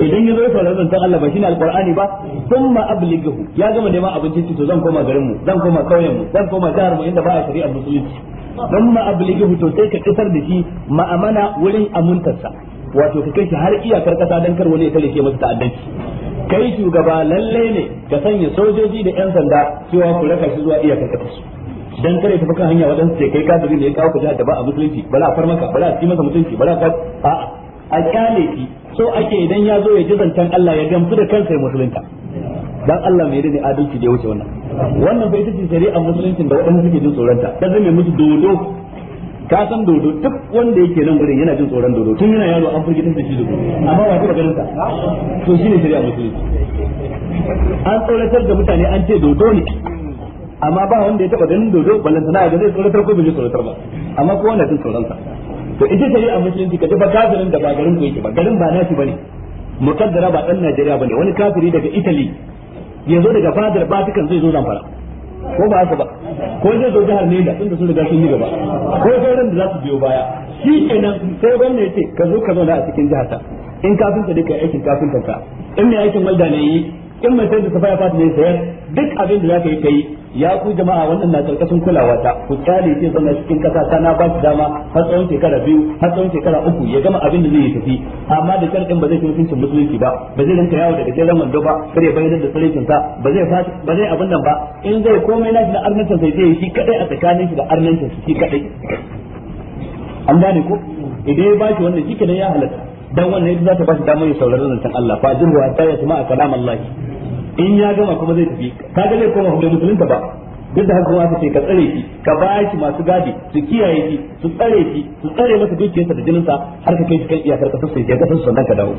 idan ya zo sauraron zancen Allah ba shine alqur'ani ba thumma ablighu ya gama neman abinci to zan koma garin mu zan koma kauyen mu zan koma jihar mu inda ba a shari'ar musulunci don ma ablighi to sai ka kisar da shi ma'amana wurin amintarsa wato ka kai shi har iyakar kasa dan kar wani ya tare ke masa ta'addanci kai shugaba lalle ne ka sanya sojoji da yan sanda cewa ku raka shi zuwa iyakar kasa dan kare tafi kan hanya wadansu sai kai zubi ne ya kawo ku jihar da ba a musulunci ba a far maka ba a ci masa mutunci ba a a a kyale ki so ake idan ya zo ya ji zancen Allah ya gamsu da kansa ya musulunta dan Allah mai rini adalci da ya wuce wannan wannan fa ita ce shari'a musuluncin da wadanda suke jin tsoronta ta zame musu dodo ka san dodo duk wanda yake nan gurin yana jin tsoron dodo tun yana yaro an firgitar da shi dodo amma ba ta ganin sa to shine shari'a musulunci an tsoratar da mutane an ce dodo ne amma ba wanda ya taba ganin dodo ballan sana'a ga zai tsoratar ko bai tsoratar ba amma ko wanda jin tsoron sa to ita shari'a musulunci ka ba kafirin da ba garin ku yake ba garin ba nashi bane mukaddara ba dan Najeriya bane wani kafiri daga Italy yanzu daga fadar batikan zai zo zamfara ko ba haka ba ko zai zo jihar da inda sun riga sun yi gaba ko sauran da za su biyo baya shi kenan sai gwamna yace ka zo ka zauna a cikin jihar ta in kafinta ne ka aikin kafin ka in mai aikin walda ne yi in mai sayar da safa ya ne sayar duk abin da zaka yi kai ya ku jama'a wannan na karkashin kulawa ta ku kyale ke zama cikin kasa ta na ba shi dama har tsawon shekara biyu har tsawon shekara uku ya gama abin da zai yi tafi amma da sharadin ba zai fi mutuncin musulunci ba ba zai rinka yawo daga jeran wando ba ya bayyana da sarkin sa ba zai ba zai abin nan ba in zai komai na na arnancin sai zai yi shi kadai a tsakanin shi da arnancin shi kadai an gane ko idan ya bashi wannan shi kenan ya halatta dan wannan yadda za ta ba shi damar ya saurari zancen Allah fa jin wa ta ya a kalamin Allah in ya gama kuma zai tafi kaga zai koma hudu musulunta ba duk da haka kuma aka ce ka tsare shi ka ba shi masu gadi su kiyaye shi su tsare shi su tsare masa dukiyarsa da sa har ka kai shi kan iyakar kasar sai ya kasar sannan ka dawo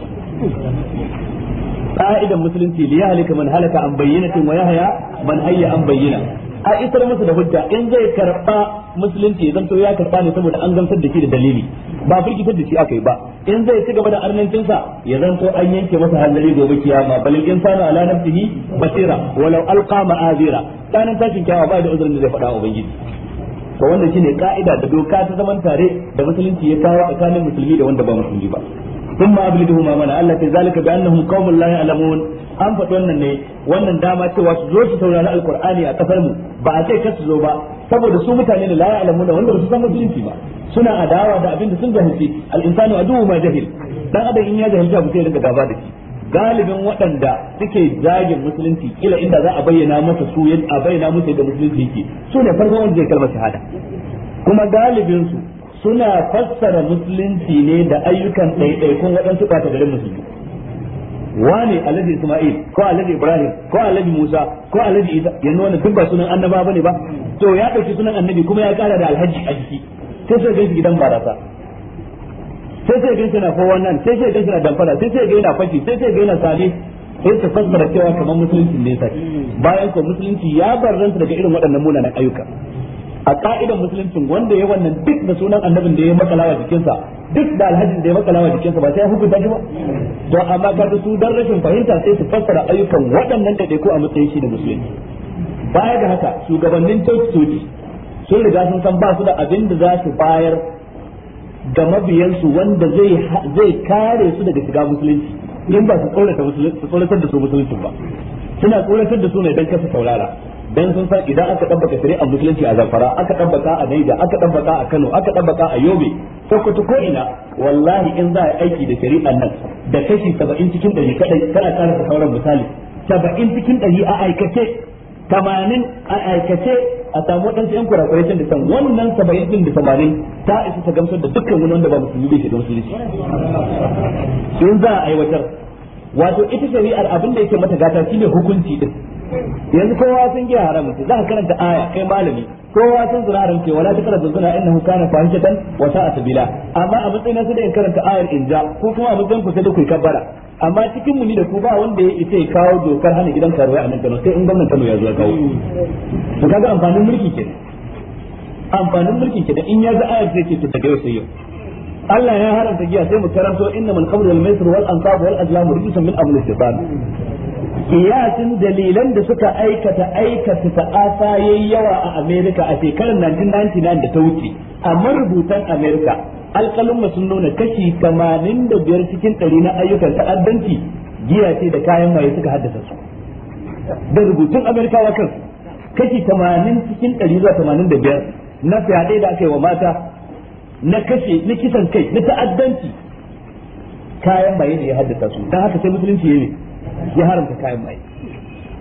ka'idan musulunci liya halika man halaka an bayyana tun wa yahya man hayya an bayyana. a isar musu da hujja in zai karba musulunci zan to ya karba ne saboda an gamsar da shi da dalili ba firgitar da shi aka yi ba in zai ci gaba da arnancin sa ya zanto an yanke masa hallari gobe kiyama bal insanu ala nafsihi basira walau alqa ma'azira tsanin tashin kiyama ba da uzurin da zai faɗa ubangiji to wanda shine ka'ida da doka ta zaman tare da musulunci ya kawo tsakanin musulmi da wanda ba musulmi ba ثم أبلدهما من ألا ذلك بأنهم قوم لا يعلمون an faɗi wannan ne wannan dama cewa su zo su saurari alkur'ani a kasar mu ba a ce kasu zo ba saboda su mutane da la da wanda ba su san musulunci ba suna adawa da abin da sun jahilci al a duhu ma jahil dan adam in ya jahilci abu sai rinka gaba da shi galibin waɗanda suke zagin musulunci kila inda za a bayyana masa su a bayyana musu yadda musulunci yake su ne farko wanda zai kalmar shahada kuma galibin su suna fassara musulunci ne da ayyukan ɗaiɗaikun waɗansu ɓata garin musulunci. wane alhaji isma'il ko alhaji ibrahim ko alhaji musa ko alhaji isa yanzu wannan duk ba sunan annaba bane ba to ya dauki sunan annabi kuma ya kara da alhaji a jiki sai sai gaishe gidan barasa sai sai gaishe na kowa nan sai sai gaishe na damfara sai sai gaishe na fashi sai sai gaishe na sale sai ta fasara cewa kamar musulunci ne sai bayan ko musulunci ya bar barranta daga irin waɗannan munanan ayyuka a ka'idan musulunci wanda ya wannan duk da sunan annabin da ya makalawa jikinsa duk da alhajin da ya makala wa jikinsa ba sai ya hukunta shi ba to amma ka su dan rashin fahimta sai su fassara ayyukan waɗannan da ko a matsayin shi da musulunci baya ga haka shugabannin coci sun riga sun san ba su da abin da za su bayar ga mabiyansu wanda zai kare su daga shiga musulunci in ba su tsoratar da su musulunci ba suna tsoratar da su ne dan kasa saurara dan sun san idan aka dabbaka shari'ar musulunci a Zamfara aka dabbaka a Naija aka dabbaka a Kano aka dabbaka a Yobe Sokoto ko ina wallahi in za a aiki da shari'ar nan da kashi saba'in cikin ɗari kaɗai kana da sauran misali saba'in cikin ɗari a aikace tamanin a aikace a samu waɗansu yan kurakurai can da san wannan saba'in ɗin da tamanin ta isa ta gamsar da dukkan wani wanda ba musulmi bai shiga musulunci in za a aiwatar wato ita shari'ar abin da yake mata gata shine hukunci din yanzu kowa sun giya haramun ce za ka karanta aya kai malami kowa sun zura haram ce wala taqrabu zina innahu kana fahishatan wa a sabila amma a matsayin su da in karanta ayar inja ko kuma a matsayin ku sai da ku kabbara amma cikin muni ni da ku ba wanda ya isa ya kawo dokar hana gidan karuwa a nan Kano sai in gwamnatin Kano ya zo kawo to kaga amfanin mulki ke amfanin mulki ke da in ya za ayar zai ce ta daga yau sai yau Allah ya haramta giya sai mu karanto innamal khamru wal maisir wal ansab wal azlam rijsun min amali shaytan kiyasin dalilan da suka aikata aikata ta'asa yayi yawa a America a shekarar 1999 da ta wuce a marubutan America alƙalin sun nuna kashi 85 cikin 100 na ayyukan ta'addanci giya ce da kayan maye suka haddasa su da rubutun Amerikawa kan kashi 80 cikin 100 zuwa 85 na fyaɗe da aka yi wa mata na kashe na kisan kai na ta'addanci kayan maye ne ya haddasa su dan haka sai musulunci yayi ya haramta kayan maye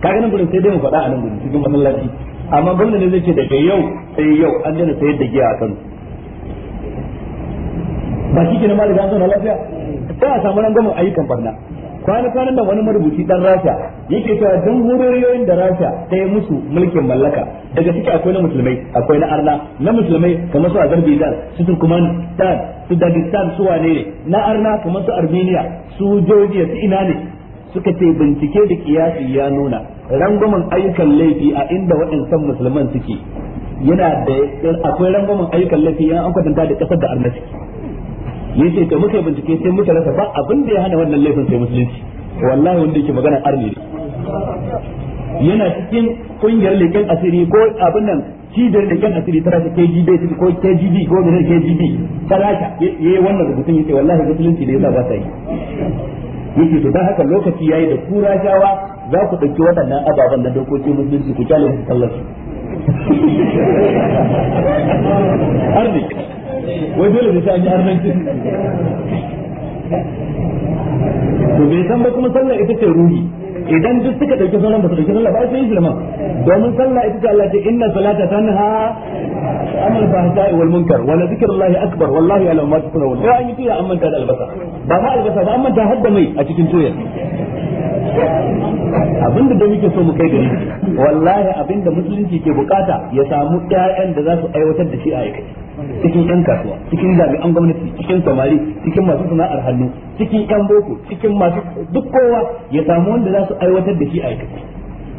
ka nan gudun sai dai mu faɗa a nan gudun cikin masallaci amma gwamnati ne zai ce daga yau sai yau an daina sayar da giya a kano ba shi ke na malaga an zauna lafiya sai a samu rangwamen ayyukan barna kwana kwanan da wani marubuci dan rasha yake cewa don hororiyoyin da rasha ta yi musu mulkin mallaka daga ciki akwai na musulmai akwai na arna na musulmai kamar su azerbaijan su turkman dan su dagestan su wane ne na arna kamar su armenia su georgia su ina ne suka ce bincike da kiyasi ya nuna rangwamen ayyukan laifi a inda waɗansan musulman suke yana da akwai rangwamen ayyukan laifi an kwatanta da ƙasar da arna Ya ce to muka bincike sai muka rasa ba abin da ya hana wannan laifin sai musulunci wallahi wanda yake magana arni ne yana cikin kungiyar leƙen asiri ko abin nan cibiyar leƙen asiri ta rasa KGB ko KGB ko menene KGB ta rasa yi wannan rubutun ce wallahi musulunci da sa ba ta yi yake to dan haka lokaci yayi da kura jawa za ku dauki waɗannan ababen da dokoki musulunci ku kyale su tallafi arni wai dole ne sai an yi arnanci to bai san ba kuma sallar ita ce ruhi idan duk suka dauki sallah ba su dauki sallah ba sai yi shirma domin sallah ita ce Allah ce inna salata tanha amal fahsa'i wal munkar wa la zikrullahi akbar wallahi ala ma tasnawun sai an yi tiya an manta da albasa ba ma albasa ba an manta hadda mai a cikin tuyar Abin da muke so mu kai gari wallahi da musulunci ke bukata ya samu ƴaƴan da za su aiwatar da shi a aikace cikin ƴan kasuwa cikin jami'an gwamnati cikin samari cikin masu sana'ar hannu cikin ƴan boko cikin masu duk kowa ya samu wanda za su aiwatar da shi a aikace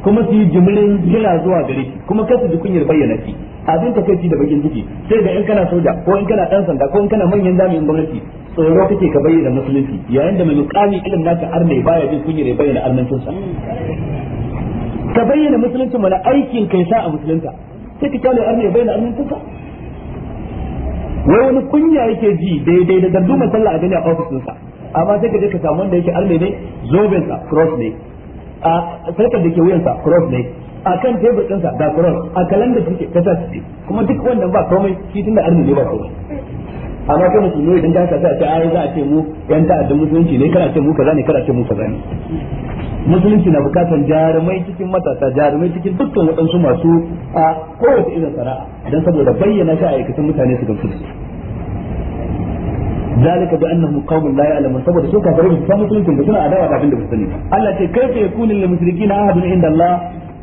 kuma su yi jimirin jira zuwa gare shi kuma kasu su kunyar bayyana shi abin ta kai da bakin ciki sai da in kana soja ko in kana dan sanda ko in kana manyan jami'in gwamnati tsoro kake ka bayyana musulunci yayin da mai mukami irin naka arne baya jin kunya ne bayyana arnancinsa ka bayyana musulunci mana aikin kai sa a musulunta sai ka kyale arne bayyana arnancinsa wai wani kunya yake ji daidai da darduma sallah a gani a ofisinsa amma sai ka je ka samu wanda yake arne ne zoben sa cross ne a sarkar da ke sa cross ne a kan tebur ɗinsa da cross a kalan da ta kasa suke kuma duk wannan ba komai shi tun da arne ne ba komai amma kai musulmi idan ka sa ta ayi za a ce mu yan ta'addan musulunci ne kana ce mu kaza ne kana ce mu kaza ne musulunci na bukatar jarumai cikin matasa jarumai cikin dukkan waɗansu masu a kowace irin sana'a don saboda bayyana shi a aikatan mutane su gamsu bi بانهم قوم لا يعلمون saboda su kafirai su san musulunci da suna adawa da abin da ba. sani Allah ce kaifa yakunu lil mushrikina ahadun inda Allah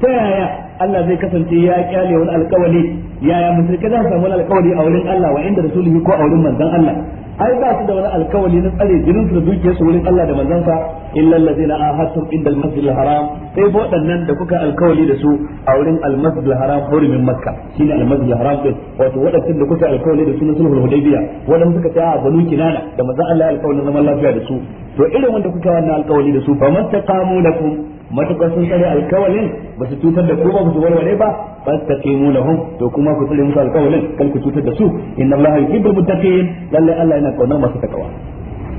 ta yaya Allah zai kasance ya kyale wani alkawali yaya musulka za su samu wani alkawali a wurin Allah wa inda rasulihi ko a wurin manzan Allah ai ba su da wani alkawali na tsare jinin su da dukiyar su wurin Allah da manzan manzansa illa allazina ahadtum inda al-masjid al-haram sai waɗannan da kuka alkawali da su a wurin al-masjid al-haram hurumin makka shine al-masjid al-haram din wato waɗannan da kuka alkawali da su na sulhul hudaybiya waɗanda suka tsaya a banu kinana da manzon Allah alkawalin zaman lafiya da su to irin wanda kuka wannan alkawali da su fa mastaqamu lakum matukar sun tsare alkawalin ba su cutar da ku ba su warware ba fastaqimu lahum to kuma ku tsare musu alkawalin kan ku cutar da su inna allaha yuhibbul muttaqin lalle Allah yana kaunar masu takawa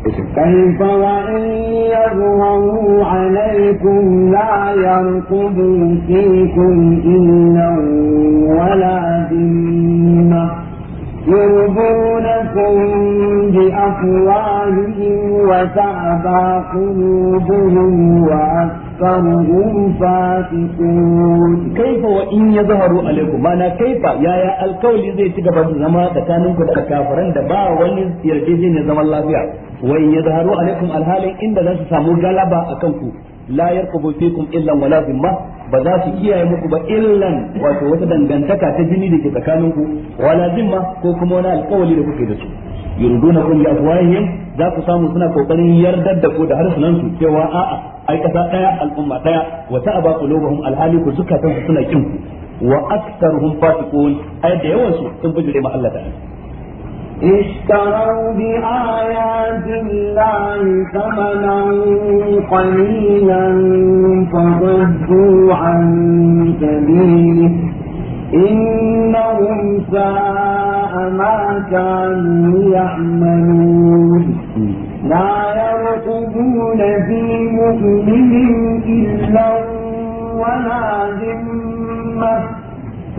كيف وإن يظهروا عليكم لا يرقبوا فيكم إلا ولا ذمة يرضونكم بأفواههم وتأبى قلوبهم وأكثر أكثرهم فاسقون كيف وإن يظهروا عليكم ما كيف يا يا القول زي تجب زما تكانكم الكافرين دبا ولن يرجين زما الله فيها وإن يظهروا عليكم الحال إن لا تسموا غلبة أكنكم لا يرقبوا فيكم إلا ولا ذمة ba za su kiyaye muku ba illan wato wata dangantaka ta jini da ke tsakaninku wala zimma yurdunakum bi afwahihim za ku samu suna kokarin yardar da ku da harsunan su cewa a'a ai kasa daya al'umma daya wa ta'aba qulubuhum alhali ku suna kin ku wa aktsaruhum fasiqun ai da yawan su sun bijire ma Allah ta'ala اشتروا بآيات الله ثمنا قليلا فضلوا عن سبيله إنهم ساء ما كانوا يعملون لا يرقبون في مؤمن إلا ولا ذمة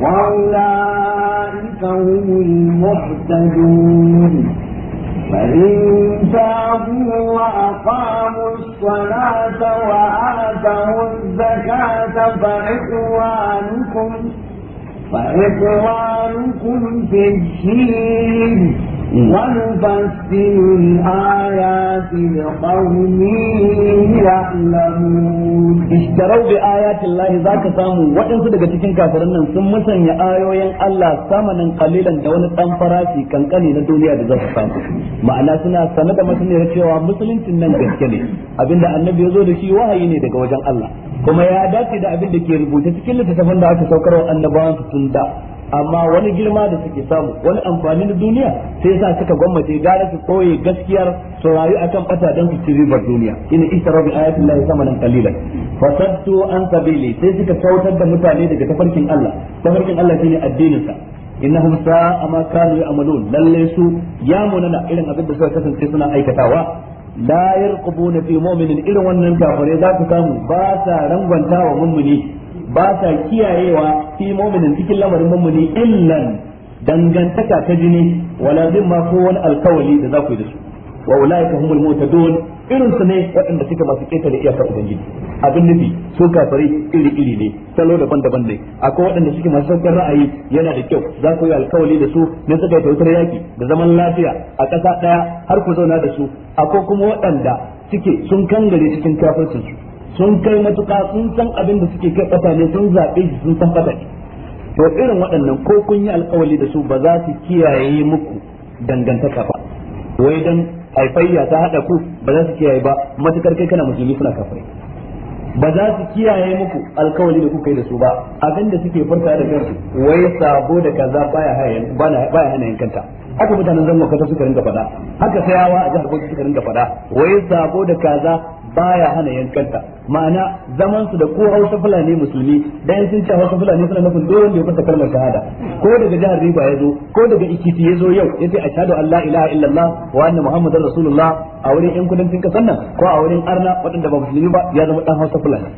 وأولئك هم المعتدون فإن تابوا وأقاموا الصلاة وآتوا الزكاة فإخوانكم وإخوانكم في الدين Ishtarau da ayatun lahi za ka samu waɗansu daga cikin kafirin nan sun musanya ayoyin Allah samanin kalilan da wani ɗan farashi kankani na duniya da za su samu. Ma'ana suna sana da cewa musuluncin nan gaske ne abinda annabi ya zo da shi wahayi ne daga wajen Allah. kuma ya dace da abin da ke rubuta cikin littattafan da aka saukar wa annabawan su tun da amma wani girma da suke samu wani amfani na duniya sai yasa suka gwammace gara su koye gaskiyar su rayu kan bata don su ci ribar duniya ina isra bi ayatin lahi nan qalilan fasattu an sabili sai suka kautar da mutane daga tafarkin Allah tafarkin Allah shine addinin sa innahum sa'a ma kanu ya'malun lalle su ya munana irin abin da suka kasance suna aikatawa la yarqubuna fi mu'minin irin wannan kafare za samu ba sa rangwanta wa mummuni ba sa kiyayewa fi mu'minin cikin lamarin mummuni illan dangantaka ta jini wala ma ko wani alkawali da za ku yi da su wa ka humul mutadun irin su ne waɗanda suka masu da iyakar ubangiji abin nufi su kafare iri iri ne salo daban-daban ne akwai waɗanda suke masu saukar ra'ayi yana da kyau za ku yi alkawali da su ne suka yi tautar yaki da zaman lafiya a ƙasa ɗaya har ku zauna da su akwai kuma waɗanda suke sun kangare cikin kafircin su sun kai matuka sun san abin da suke kai kasa ne sun zaɓe shi sun san bata ne to irin waɗannan ko kun yi alkawali da su ba za su kiyaye muku dangantaka ba wai dan haifayya ta haɗa ku ba za su kiyaye ba matukar kai kana musulmi suna kafai ba za su kiyaye muku alkawali da kuka yi da su ba abin da suke furta da kansu wai sabo da kaza baya hayan baya hana yankanta haka mutanen zango kaza suka rinka faɗa haka sayawa a jihar Bauchi suka rinka faɗa wai sabo da kaza baya hana yankanta ma'ana zaman su da ko Hausa Fulani musulmi dan sun ce Hausa Fulani suna nufin dole ne ya fasa kalmar shahada ko daga jihar Riba ya zo ko daga Ikiti ya zo yau yace shahadu an la ilaha illallah wa anna muhammadar rasulullah a wurin yan kudancin kasar nan ko a wurin arna waɗanda ba musulmi ba ya zama dan Hausa Fulani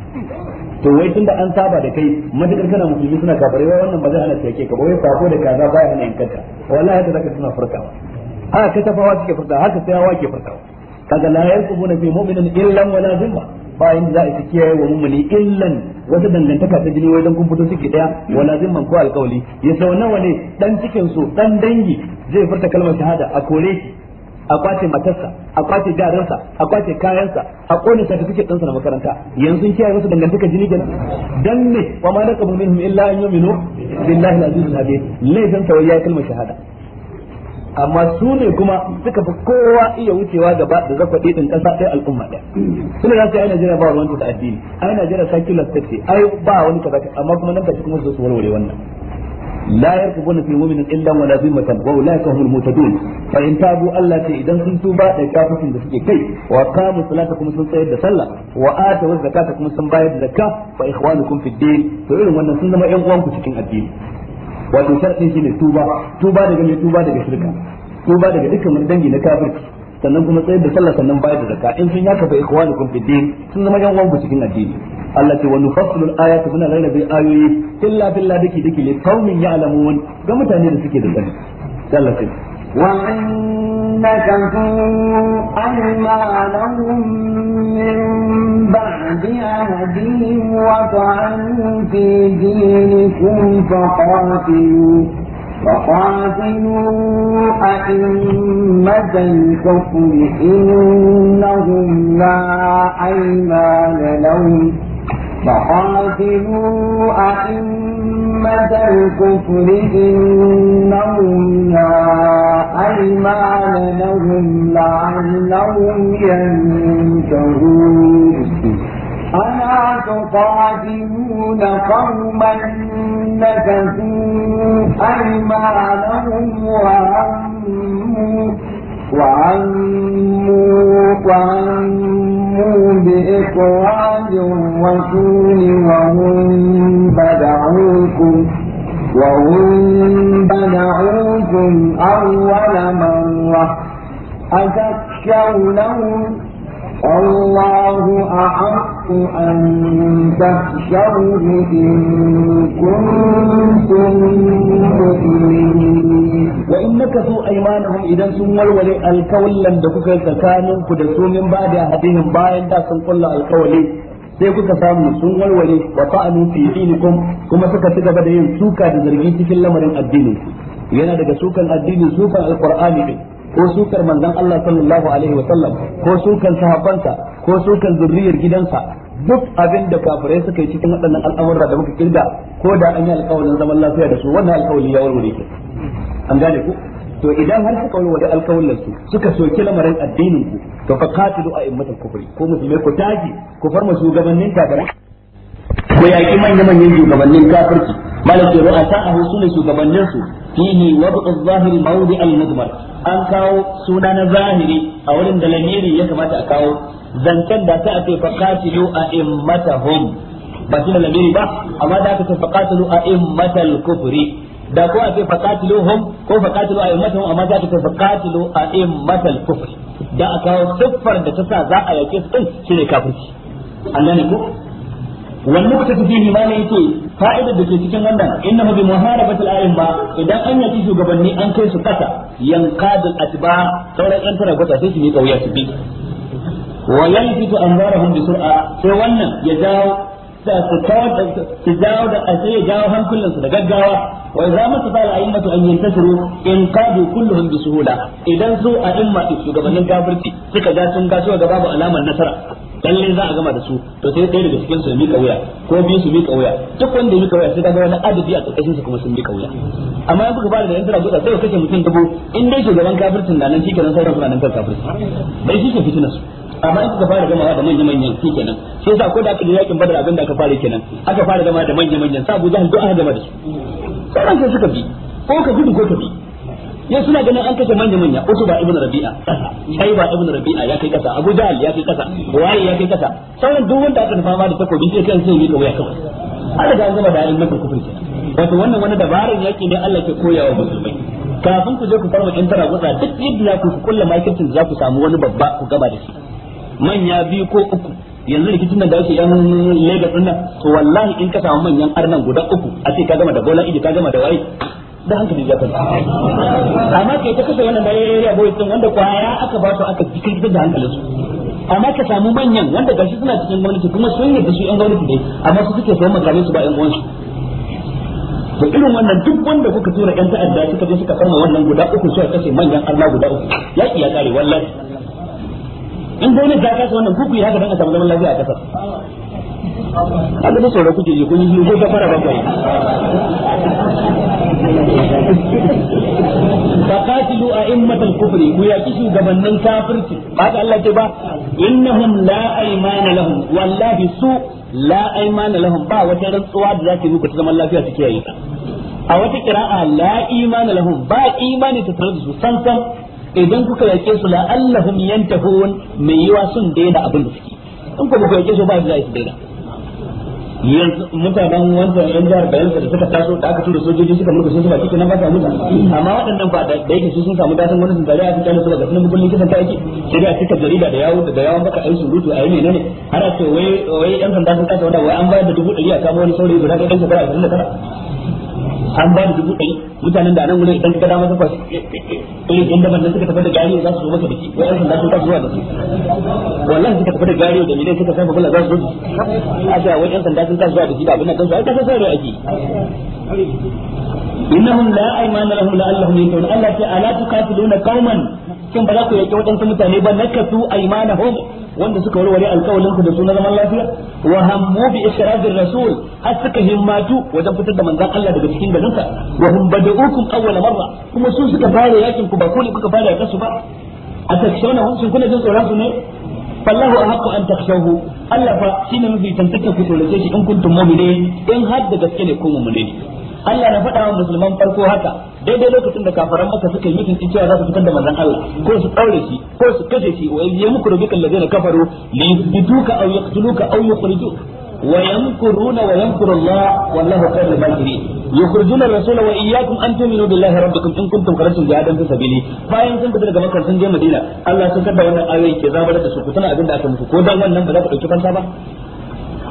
to wai tunda an saba da kai madadin kana musulmi suna kafare wai wannan ba zai hana take ka ba wai sako da kaza baya hana yankanta wallahi da zaka suna furtawa haka tafawa suke furtawa haka sayawa ke furta. kaga la yanqubuna fi mu'minin illan wala zimma ba inda za a ci kiyaye wa mumini illan wata dangantaka ta jini wajen kun fito suke daya wala zimman ko alkawali ya sau nawa ne dan cikin su dan dangi zai furta kalmar shahada a kore shi a kwace matarsa a kwace jaransa a kwace kayansa a kone sa kake ɗansa na makaranta yanzu kiyaye wasu dangantaka jini kenan dan ne wa ma laqabu minhum illa an yu'minu billahi al-aziz al-habib dan tawayya kalmar shahada amma su ne kuma suka fi kowa iya wucewa da ba da zafa ɗin ƙasa ɗaya al'umma ɗaya suna za su yi ai Najeriya ba wani da addini ai Najeriya secular state ce ai ba wani kaza amma kuma nan kashi kuma su warware wannan لا يرقبون في مؤمن الا ولا ذمة واولئك هم المعتدون فان تابوا Allah تي idan sun توبا da kafin da suke kai wa qamu kuma sun tsayar da sallah wa atu kuma sun bayar da zakka fa ikhwanukum fi din to irin wannan sun zama ƴan uwanku cikin addini wato shi shine tuba tuba daga ne tuba daga shirka tuba daga dukkan wani dangi na kafirci sannan kuma tsayar da sallah sannan bayar da zakka in sun yaka fa ikhwanukum kuma din sun zama yan uwan cikin addini Allah ce wa nufassilu al-ayati muna rarrabe ayoyi illa billah dake dake ne qaumin ya'lamun ga mutane da suke da sani sallah وإن كفوا أيمانهم من بعد عهدهم وطعنوا في دينكم فقاتلوا فقاتلوا أئمة الكفر إنهم لا أيمان لهم فقاتلوا أئمة الكفر إنهم لا أيمان لهم لعلهم ينتهون ألا تقاتلون قوما نكثوا أيمانهم وعموا وعموا وعموا هموا بإخراج الرسول وهم بدعوكم وهم بدعوكم أول مرة أتخشونهم الله أحق أن تخشوه إن كنتم مؤمنين wa in nakasu aymanuhum idan sun walwale alkawallan da kuka tsakanin ku da su min ba da hadihim bayan da sun kulla alkawali sai kuka samu sun walwale wa ta'anu fi dinikum kuma suka ci gaba da yin suka da zargi cikin lamarin addini yana daga sukan addinin sukan alqur'ani ne ko sukar manzon Allah sallallahu alaihi wa sallam ko sukan sahabbansa ko sukan zurriyar gidansa duk abin da kafirai suka yi cikin waɗannan al'amura da muka kirga ko da an yi alƙawarin zaman lafiya da su wannan alƙawari ya warware ke an gane ku to idan har suka wani alkawallan su suka soki lamarin addinin ku to fa in a'immatul kufri ko musulmai ko taji ku farma shugabannin kafir ku yaki manya manyan shugabannin kafirci malam ce ru'asa a husunin shugabannin su fihi wad'u adh-dhahir mawdi al-mudmar an kawo suna na zahiri a wurin da lamiri ya kamata a kawo zancen da ta ake fa mata a'immatahum ba shi da lamiri ba amma da aka ce fa in mata kufri da ko a ce hum ko faqatilu ummatu amma za ta ce faqatilu ummatul kufr da aka kawo siffar da ta sa za a yake su din shine kafirci Allah ko wannan kuta fihi ma ne yake fa'idar da ke cikin wannan innahu bi muharabatil a'imma idan an yaki shugabanni an kai su kasa yanqadul atba sauran yan tara gota sai su ne kauya su bi wa yanfitu anzarahum bi sur'a sai wannan ya jawo su kawar su jawo da ashe ya jawo hankulan su da gaggawa wa idza masata al a'immatu an yantasiru in qadu kulluhum bi suhula idan su a'imma shugabannin kafirci suka ga sun ga su ga babu alamar nasara lalle za a gama da su to sai ɗaya daga cikin su mika kauya, ko biyu su mika wuya duk wanda ya kauya sai kaga wani adadi a ƙarƙashin su kuma sun mika kauya. amma in kuka fara da yan tara guda sai ka kace mutum dubu in dai shugaban kafircin da nan shi kenan sauran suna nan kafirci bai shi ke fitina su amma in suka fara gamawa da manyan manyan su kenan sai sa ko da aka yi yakin badar abinda da aka fara kenan aka fara gama da manyan manyan sa Abu Jahal du'a aka gama da su sauran sai suka bi ko ka gudu ko ka bi yau suna ganin an kashe manya manya ba ibnu Rabi'a kasa ba ibnu Rabi'a ya kai kasa Abu Jahal ya kai kasa Waye ya kai kasa sauran duk wanda aka fama da takobi sai kan sai yi kawai kawai an riga an gama da ayyukan makar kufin wato wannan wani dabarar yake ne Allah ke koyawa musulmai kafin ku je ku fara in tara gutsa duk yadda za ku kulla makircin za ku samu wani babba ku gaba da shi manya biyu ko uku yanzu rikicin da ake yan Lagos din nan to wallahi in ka samu manyan arnan guda uku a ce ka gama da bola ije ka gama da waye da hankali ya kai amma kai ta kasa wannan bare area boys din wanda kwaya aka ba su aka jikin da hankalin su amma ka samu manyan wanda gashi suna cikin gwamnati kuma sun yi da su yan gwamnati dai amma su suke sayan makamai su ba yan uwansu da irin wannan duk wanda kuka tura yan ta'adda suka je suka farma wannan guda uku suka kashe manyan Allah guda uku ya ya kare wallahi in dai ne zaka wannan ku kuyi haka dan a samu zaman lafiya a kasar a ga tsoro kuke yi kun yi ko ta fara ba kai faqatilu a'immatul kufr ku ya kishi gabannin kafirci ba ga Allah ce ba innahum la aymana lahum wallahi su la aymana lahum ba wata rantsuwa da zaki muku ta zaman lafiya take yi a wata kira'a la imana lahum ba imani ta tare da su san san idan kuka yake su allahum yantahun mai yiwa sun daina abin da suke in kuma kuka yake su ba za su daina yanzu mutanen wancan yan jihar bayan da suka taso da aka tura sojoji suka mulki sun ba kike nan ba ta mutu amma waɗannan ba da yake su sun samu datan wani sun tare a cikin su daga sunan kullun kisan ta yake sai da cika jarida da yawo da yawon baka ai surutu ai menene har a ce wai yan sanda sun kasa wanda wai an bayar da dubu ɗari a kama wani saurayi guda ɗaya ɗan shekara 29 an ba da dubu ɗari mutanen da nan wurin idan ka dama suka eh, eh, eh, irin yan daban nan suka tafi da gariyo za su zo maka da shi wai sun sun zuwa da su wannan suka tafi da gariyo da milai suka sanfa kula za su zo da su a ga wai yan sanda sun ta zuwa da su da abin nan sai ka sai da ake innahum la aymana lahum la allahum yakun Allah ta ala tuqatiluna qauman kin ba za ku yake wadansu mutane ba nakatu aymanahum wanda suka warware alƙawalin ku da sunan zaman lafiya wa hammu bi israfir rasul har suka himmatu wajen fitar da manzon Allah daga cikin garinsa wa hum bada'ukum awwala marra kuma su suka fara yakin ku ba ku ne kuka fara yakin su ba a takshawna hun sun kuna jin tsoron su ne fallahu ahqqu an takshawhu Allah fa shine mafi tantance ku tsorace shi in kuntum mu'minin in har da gaske ne kun mu'minin Allah na faɗa wa musulman farko haka daidai lokacin da kafaran maka suka yi tunci cewa za su fitar da manzon Allah ko su daure shi ko su kashe shi wa yamkuru bika allazina kafaru li yuduka aw yaqtuluka aw yukhrijuka ويمكرون ويمكر الله والله خير الماكرين يخرجون الرسول واياكم ان تؤمنوا بالله ربكم in كنتم خرجتم جهادا في sabili bayan sun fita daga makar sun je madina Allah sun kada wannan ayoyi ke zabar da su ku tana abin da aka muku ko dan wannan ba za ku dauki fansa ba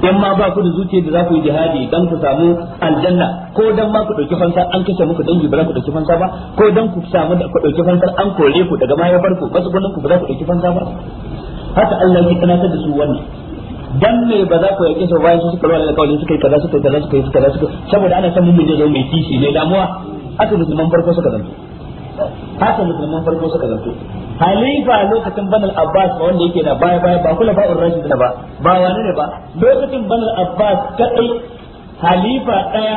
in ma ba ku da zuciya da za ku yi jihadi dan ku samu aljanna ko dan ma ku dauki fansa an kace muku dangi ba za ku dauki fansa ba ko dan ku samu da ku dauki fansa an kore ku daga ma ya bar ku wasu gurin ku ba za ku dauki fansa ba haka Allah ya kanatar da su wannan dan me ba za ku yake su bayan su suka rawa da kawai suka yi kaza suka yi kaza suka yi kaza suka saboda ana san mun zai zo mai kishi ne damuwa haka musulman farko suka zanto haka musulman farko suka zanto halifa lokacin banal abbas ba wanda yake da baya baya ba kula ba'ur rashid ba ba wani ne ba lokacin banal abbas kadai halifa daya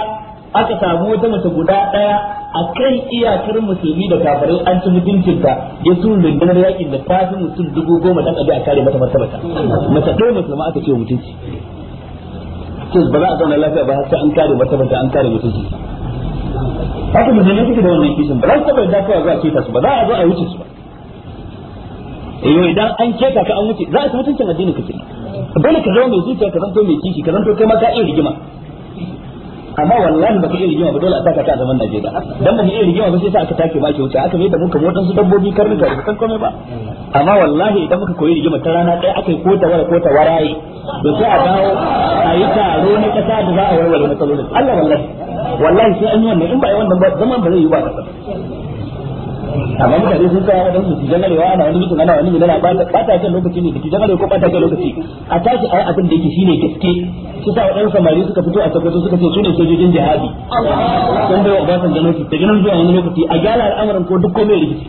aka samu wata mace guda daya a kan iyakar musulmi da kafirai an ci mutuncin ta ya sun rundunar yakin da tafi mutum dubu goma dan abi a kare mata martabata mace dole musulma aka ce mutunci ce ba za a zauna lafiya ba har sai an kare martabata an kare mutunci haka mutane suke da wannan kishin ba za su taɓa yarda kawai za a ce ta su ba za a zo a wuce su ba yau eh, idan an keta ka an wuce za a mutuncin addinin ka kenan dole ka zama mai zuciya ka zanto mai kishi ka zanto kai ma ka iya rigima amma wallahi baka iya rigima ba dole a saka ta zaman Najeriya dan ba mu iya rigima ba sai sa aka take ba ki wuce aka mai da muka motan su dabbobi karnuka da san komai ba amma wallahi idan muka koyi rigima ta rana ɗaya aka yi ko ta wara ko ta waraye da sai a dawo a yi taro na kasa da za a warware matsalolin Allah wallahi wallahi sai an yi wannan in ba yi wannan ba zaman ba zai yi ba kasa amma mutane sun tsaya wadan su tijan arewa ana wani mutum ana wani milana ba ta kan lokaci ne tijan arewa ko ba ta kan lokaci a tashi ai abin da yake shine gaske su sa wadan samari suka fito a sakwato suka ce su ne sojojin jihadi sun bai wa basan da lokaci daga nan zuwa wani lokaci a gyara al'amuran ko duk komai rikici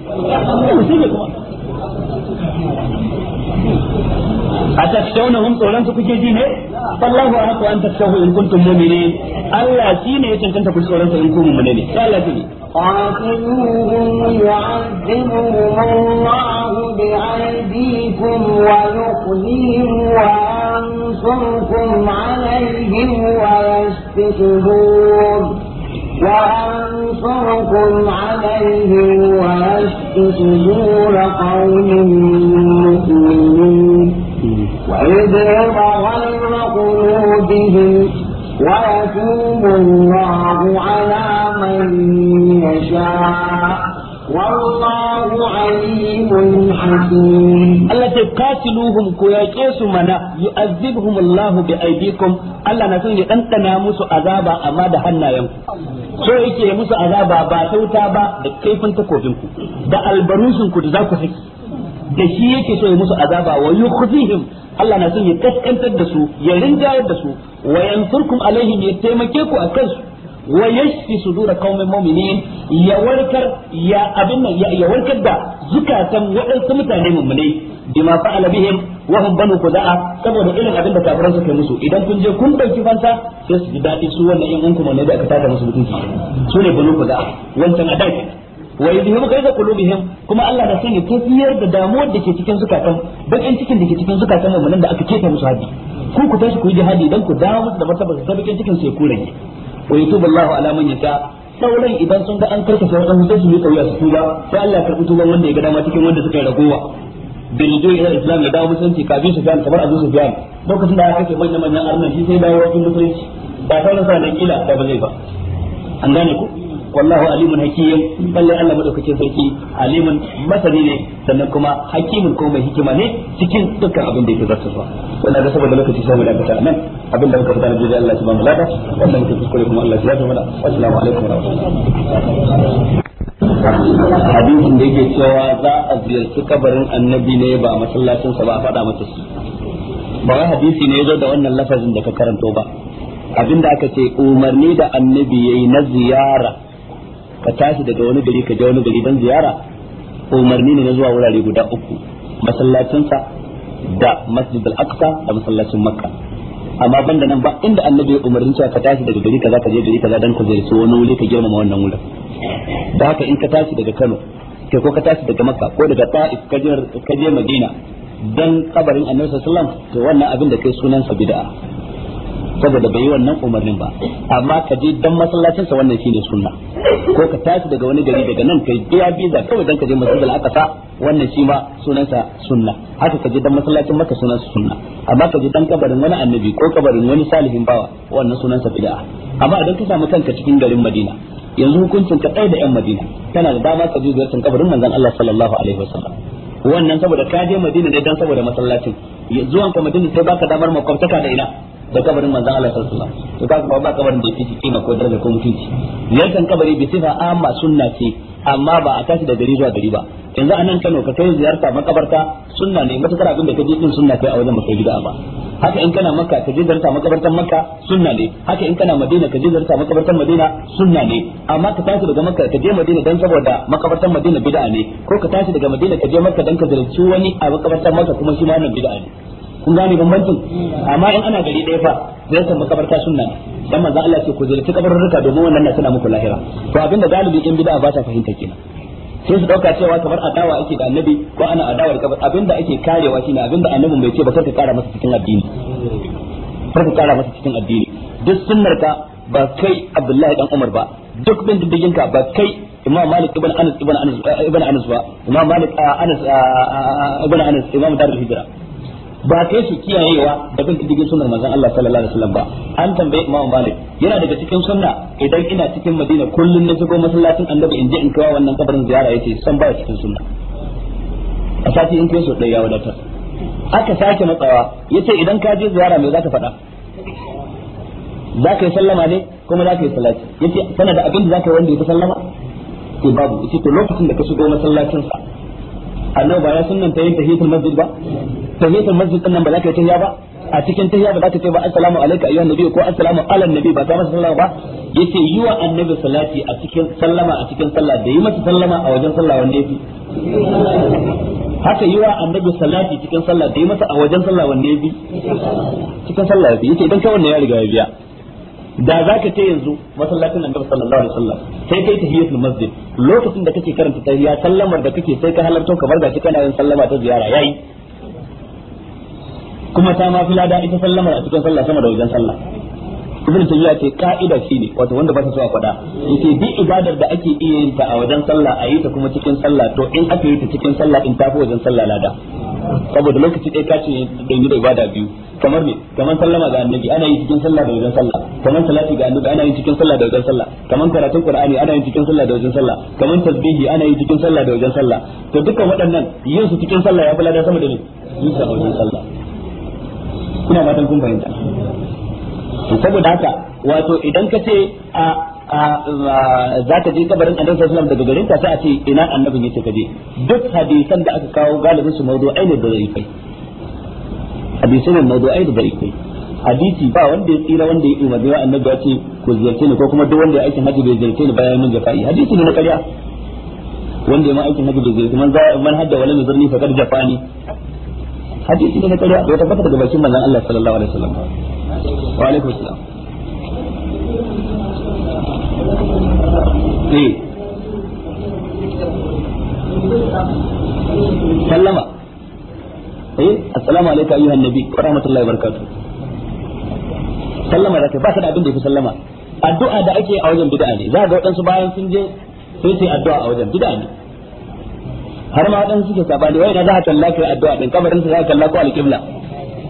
a ta tsaunahum tsoron su kuke ji ne wallahu ahqu an tafsahu in kuntum mu'minin Allah shine ne cancanta ku tsoron sa in kuntum mu'minin sai ya قاتلوهم يعذبهم الله بأيديكم ويخزيهم وينصركم عليهم ويشفي صدور وأنصركم عليه ويشفي قوم مؤمنين وإذ يبغى قلوبهم ويتوب الله على من يشاء والله عليم حكيم التي قاتلوهم كويكيس منا يؤذبهم الله بأيديكم Allah na son ya ɗanɗana musu azaba amma da hannayenku so yake musu azaba ba sauta ba da kaifin takobinku da albarushinku da za ku da shi yake so ya musu azaba wa yukhzihim Allah na son ya kaskantar da su ya rinjayar da su wa yansurkum alaihim ya taimake ku akan su wa yashfi sudura qaumin mu'minin ya warkar ya abin nan ya warkar da zukatan waɗansu mutane mummunai bima fa'ala bihim wa hum banu qudaa saboda irin abin da kafiran suka musu idan kun je kun dauki fansa sai su ji dadi su wannan yan ne da aka tada musu mutunci su ne banu wancan wa yudhibu kayda qulubihim kuma Allah na son ya tafiyar da damuwar da ke cikin zukatan bakin cikin da ke cikin zukatan nan da aka kefe musu hadi ku ku tashi ku yi jihadi dan ku dawo musu da martaba da bakin cikin su ya rage wa yutubu Allahu ala man yasha sauran idan sun ga an karkace wadansu sai su yi kauya su tuba sai Allah ya karbi tuban wanda ya ga dama cikin wanda suka ragowa bilijo ila islam ya dawo musulunci kafin su fiyan kamar abu su fiyan lokacin da aka ce manyan manyan arnan shi sai dawo cikin musulunci ba sauran sa ne kila da ba zai ba an gane ku wallahu alimun hakim balle Allah madaukakin sarki alimun masani ne sannan kuma hakimun ko mai hikima ne cikin dukkan abin da yake zata so wannan da saboda lokaci sai mu da ta nan abin da muka fada da Allah subhanahu wa ta'ala wannan muke kuskure kuma Allah ya mana assalamu alaikum wa rahmatullahi hadisin da yake cewa za a ziyarci kabarin annabi ne ba masallacin sa ba a faɗa mata shi ba wai hadisi ne zo da wannan lafazin da ka karanto ba abinda aka ce umarni da annabi yayi na ziyara ka tashi daga wani gari ka je wani gari don ziyara umarni ne na zuwa wurare guda uku masallacinsa da masjid al-aqsa da masallacin makka amma banda nan ba inda annabi ya umarni cewa ka tashi daga gari kaza ka je gari kaza dan ka ziyarci wani wuri ka girmama wannan wurin da haka in ka tashi daga Kano kai ko ka tashi daga Makka ko daga Ta'if ka je ka je Madina dan kabarin Annabi sallallahu alaihi wasallam to wannan abin da kai sunan sa bid'a saboda bai yi wannan umarnin ba amma ka je dan masallacin sa wannan shine sunna ko ka tashi daga wani gari daga nan kai biya biza kawai dan ka je masallacin al-aqsa wannan shi ma sa sunna haka ka je dan masallacin maka sa sunna amma ka je dan kabarin wani annabi ko kabarin wani salihin bawa wannan sa bid'a amma idan ka samu kanka cikin garin Madina yanzu hukuncin ka tsaye da yan Madina kana da dama ka je ziyartar kabarin manzon Allah sallallahu alaihi wasallam wannan saboda ka je Madina ne dan saboda masallacin zuwan ka Madina sai baka damar makwabtaka da ina da kabarin manzan Allah sallallahu alaihi wasallam to kaga ba kabarin da yake kima ko daraja ko mutunci yankan kabari bi sifa amma sunna ce amma ba a tashi da gari zuwa gari ba yanzu anan Kano ka kai ziyarta makabarta sunna ne matakar abin da kaje din sunna kai a wajen masai gida ba haka in kana makka ka je ziyarta makabartan makka sunna ne haka in kana madina ka je ziyarta makabartan madina sunna ne amma ka tashi daga makka ka je madina dan saboda makabartan madina bid'a ne ko ka tashi daga madina ka je makka dan ka zalunci wani a makabartan makka kuma shi ma wannan bid'a ne kun gane bambancin amma in ana gari ɗaya fa ziyartar makabarta sunna ne dan manzo Allah ce ku ziyarci kabarurruka domin wannan na tana muku lahira to abinda galibi in bid'a ba ta fahimta kenan sai su dauka cewa kamar adawa ake da annabi ko ana adawar kabar abinda ake karewa shine abinda annabin bai ce ba karka kara masa cikin addini karka kara masa cikin addini duk sunnar ka ba kai Abdullahi dan Umar ba duk bin diddigin ka ba kai Imam Malik ibn Anas ibn Anas ibn Anas ba Imam Malik ah, Anas ah, ah, ibn Anas Imam Darul Hijra ba kai su kiyayewa da bin diddigin sunan manzon Allah sallallahu alaihi wasallam ba an tambaye Imam Malik yana daga cikin sunna idan ina cikin Madina kullun na shigo masallacin Annabi in je in kawo wannan kabarin ziyara yace san ba cikin sunna a sati in kai so dai ya wadatar aka sake matsawa yace idan ka je ziyara me zaka faɗa zaka yi sallama ne kuma zaka yi salati yace kana da abin da zaka yi wanda ya sallama ke babu yace to lokacin da ka shigo masallacin sa annabi ba ya ta yin tahiyatul masjid ba tahiyatul masjid din nan ba za ka yi tahiya ba a cikin tahiya ba za ka ce ba assalamu alayka ayyuhan nabi ko assalamu ala nabi ba ta masa sallama ba yace yi wa annabi salati a cikin sallama a cikin sallah da yi masa sallama a wajen sallah wanda yafi haka yi wa annabi salati cikin sallah da yi masa a wajen sallah wanda yafi cikin sallah yafi yace idan kai wannan ya riga ya biya da za ka ce yanzu masallacin annabi sallallahu alaihi wasallam sai kai tahiyatul masjid lokacin da kake karanta tahiyya sallamar da kake sai ka halarta kamar da kake kana yin sallama ta ziyara yayi kuma ta ma fila da ita sallamar a cikin sallah sama da wajen sallah ibn tayyib ce ka'ida ne wato wanda ba ta so a faɗa yace duk ibadar da ake iya yin ta a wajen sallah a yi ta kuma cikin sallah to in aka yi ta cikin sallah in tafi wajen sallah lada saboda lokaci ɗaya kace dan yi da ibada biyu kamar ne kamar sallama ga annabi ana yi cikin sallah da wajen sallah kamar salati ga annabi ana yin cikin sallah da wajen sallah kamar karatun qur'ani ana yin cikin sallah da wajen sallah kamar tasbihi ana yin cikin sallah da wajen sallah to dukkan waɗannan yin su cikin sallah ya bula da sama da ni yin sa wajen sallah ina fatan kun fahimta to saboda haka wato idan ka ce a a za ka je kabarin annabi sallallahu alaihi wasallam daga garin ka sai a ce ina annabin yake kaje duk hadisan da aka kawo galibin su mawdu'ai ne da zaifai hadisan ne mawdu'ai da zaifai hadisi ba wanda ya tsira wanda ya yi umarni annabi ya ce ku ziyarce ni ko kuma duk wanda ya aikin hajji bai ziyarce ni bayan mun jafa'i hadisi ne na ƙarya wanda ya ma aikin hajji bai ziyarce man za man hadda wala nazarni faqad jafani hadisi ne na ƙarya bai tabbata daga bakin manzon Allah sallallahu alaihi wasallam wa alaikum assalam eh sallama eh assalamu alaikum ayyuhan nabi wa rahmatullahi wa barakatuh sallama da kai ba ka da abin da yafi sallama addu'a da ake a wajen bid'a ne za ga waɗansu bayan sun je sai sai addu'a a wajen bid'a ne har ma waɗansu suke sabani wai na za ka kalla kai addu'a din kabarin sa za ka kalla ko alƙibla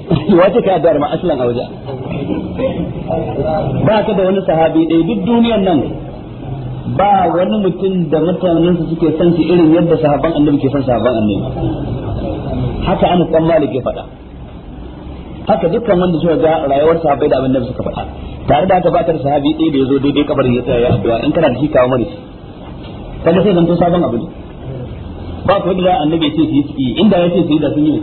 [LAUGHS] wace ka addu'a ma aslan a wajen ba ka da wani sahabi ɗaya duk duniyan nan ba wani mutum da su suke son su irin yadda sahabban annabi ke son sahabban annabi haka an san malik ya faɗa haka dukkan wanda suka ga rayuwar sahabbai da abin da suka faɗa tare da haka bakar sahabi ɗaya da ya zo daidai kabar ya tsaya ya addu'a in kana da shi kawo mana kaga sai zanto sabon abu ne ba ku da annabi ya ce su yi ciki inda ya ce su yi da sun yi